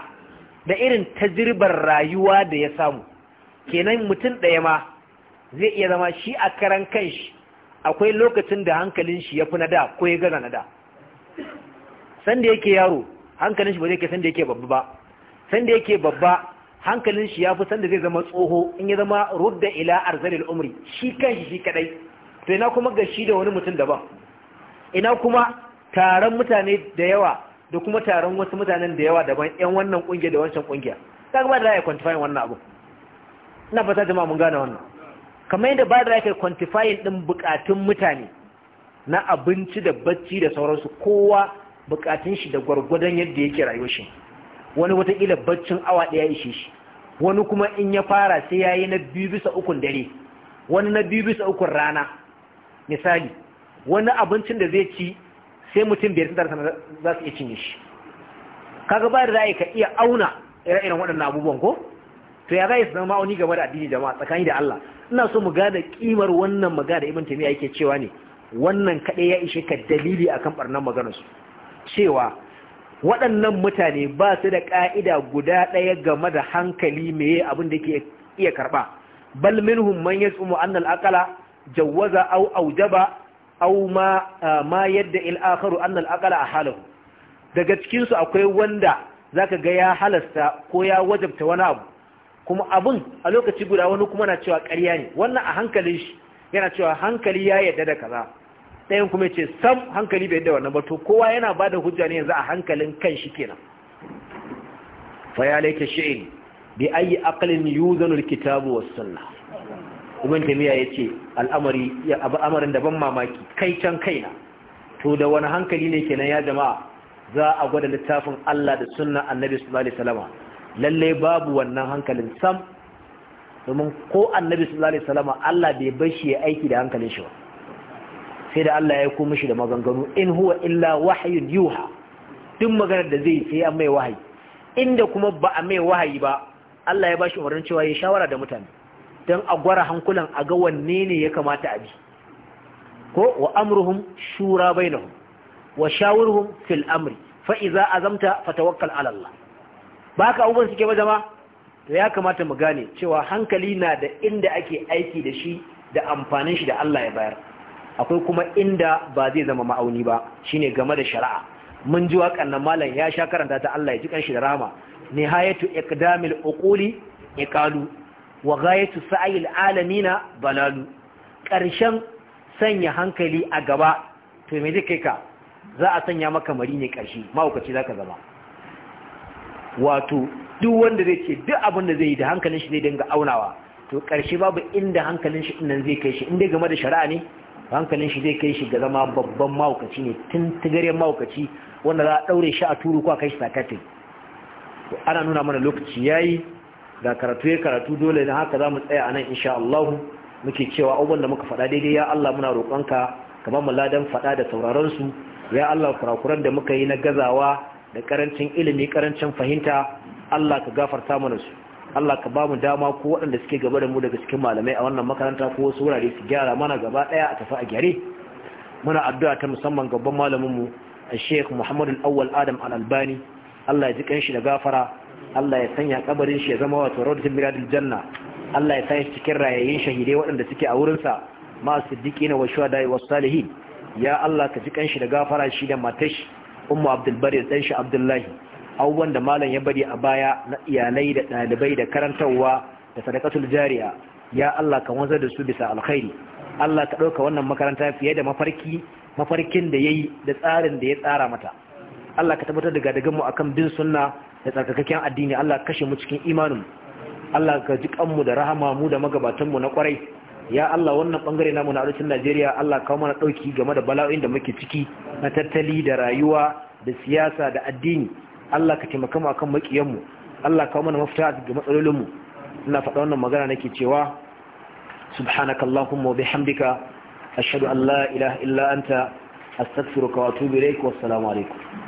da irin tajirbar rayuwa da ya samu kenan mutum ɗaya ma zai iya zama shi a karan kanshi akwai lokacin da hankalin shi ya fi na da ko ya gaza na da sanda yake yaro hankalin shi ba zai ke sanda yake babba ba sanda yake babba hankalin shi ya fi sanda zai zama tsoho in ya zama rudda ila arzalil umri shi kan shi kadai to ina kuma ga shi da wani mutum daban ina kuma taron mutane da yawa da kuma taron wasu mutanen da yawa daban yan wannan kungiya da wancan kungiya kaga ba da ya kwantifayin wannan abu ina fata jama'a mun gane wannan kamar yadda ba da kai kwantifayin ɗin bukatun mutane na abinci da bacci da sauransu kowa bukatun shi da gwargwadon yadda yake rayuwar shi wani watakila baccin awa daya ishe shi wani kuma in ya fara sai ya yi na biyu bisa ukun dare wani na biyu bisa ukun rana misali wani abincin da zai ci sai mutum biyar sana za su iya cinye shi kaga ba da za ka iya auna ire-iren waɗannan abubuwan ko to ya zai zama ma'auni game da addini jama'a tsakani da Allah ina so mu gane kimar wannan magana da Ibn Taymiyyah yake cewa ne wannan kaɗai ya ishe ka dalili akan barnan maganar su cewa waɗannan mutane ba su da ƙa'ida guda ɗaya game da hankali meye abin da yake iya karɓa. bal minhum man yasumu anna Aqala, jawaza aw awjaba aw ma eh, ma yadda il'akaru akharu anna a daga cikinsu akwai wanda zaka ga ya halasta ko ya wajabta wani abu kuma abun a lokaci guda wani kuma na cewa ƙarya ne wannan a hankalin shi yana cewa hankali ya yarda da kaza ɗayan kuma ce sam hankali bai yarda wannan ba to kowa yana ba da hujja ne yanzu a hankalin kan shi kenan fa ya laika shi'in bi ayi aqlin yuzanu alkitabu was sunnah ibn tamiya yace al'amari ya abu amarin da ban mamaki kai can kai na. to da wani hankali ne kenan ya jama'a za a gwada littafin Allah da sunna annabi sallallahu alaihi wasallam lalle babu wannan hankalin sam domin ko annabi sallallahu alaihi wasallam Allah bai bar shi aiki da hankalin shi ba sai da Allah ya ko mishi da maganganu in huwa illa wahyun yuha duk maganar da zai sai an mai wahayi inda kuma ba a mai wahayi ba Allah ya ba shi umarnin cewa ya shawara da mutane dan a gwara hankulan a ga wanne ne ya kamata a bi ko wa amruhum shura bainahum wa shawirhum fil amri fa idza azamta fatawakkal ala Allah ba ka abubuwan suke ba zama to ya kamata mu gane cewa hankali na da inda ake aiki da shi da amfanin shi da Allah ya bayar akwai kuma inda ba zai zama ma'auni ba Shi ne game da shari'a mun ji waƙan nan malam ya sha karanta ta Allah ya ji kanshi da rama nihayatu iqdamil uquli iqalu wa ghayatu sa'il alamina balalu karshen sanya hankali a gaba to me zai kai ka za a sanya maka mari ne karshe mahaukaci zaka zama wato duk wanda zai ce duk abin da zai yi da hankalin shi zai dinga aunawa to karshe babu inda hankalin shi nan zai kai shi inda game da shari'a ne hankalin shi zai kai shi ga zama babban mahaukaci ne tun tigaren mahaukaci wanda za a daure shi a turu ko a kai shi sakatin ana nuna mana lokaci yayi ga karatu ya karatu dole ne haka za mu tsaya a nan insha Allah muke cewa abubuwan da muka faɗa daidai ya Allah muna roƙonka ka mu ladan faɗa da sauraron su ya Allah kurakuran da muka yi na gazawa da karancin ilimi karancin fahimta Allah ka gafarta mana su Allah ka ba mu dama ko waɗanda suke gaba da mu daga cikin malamai a wannan makaranta ko wasu wurare su gyara mana gaba ɗaya a tafi a gyare muna addu'a ta musamman gaban malamin mu Sheikh Muhammad Al-Awwal Adam Al-Albani Allah ya ji kanshi da gafara Allah ya sanya kabarin shi ya zama wato rawdatul miradil janna Allah ya sanya cikin rayayyin shahidai waɗanda suke a wurin sa ma siddiqina wa shuhada wa salihin ya Allah ka ji kanshi da gafara shi da matashi ummu abdulbari da shi abdullahi abubuwan da malam ya bari a baya na iyalai da ɗalibai da karantarwa da sadakatul jariya ya Allah ka wanzar da su bisa alkhairi Allah ka ɗauka wannan makaranta fiye da mafarki mafarkin da ya yi da tsarin da ya tsara mata Allah ka tabbatar da gadagan mu akan bin sunna da tsarkakakken addini Allah kashe mu cikin imanin Allah ka ji kanmu da rahama mu da magabatan mu na kwarai ya Allah wannan bangare namu na arewacin Najeriya Allah kawo mana dauki game da bala'o'in da muke ciki na tattali da rayuwa da siyasa da addini Allah ka taimaka mu akan makiyanmu Allah kawo mana mafita ga matsalolin mu ina faɗa wannan magana nake cewa subhanakallahumma wa bihamdika ashhadu an la ilaha illa anta astaghfiruka wa atubu ilaik wa assalamu alaikum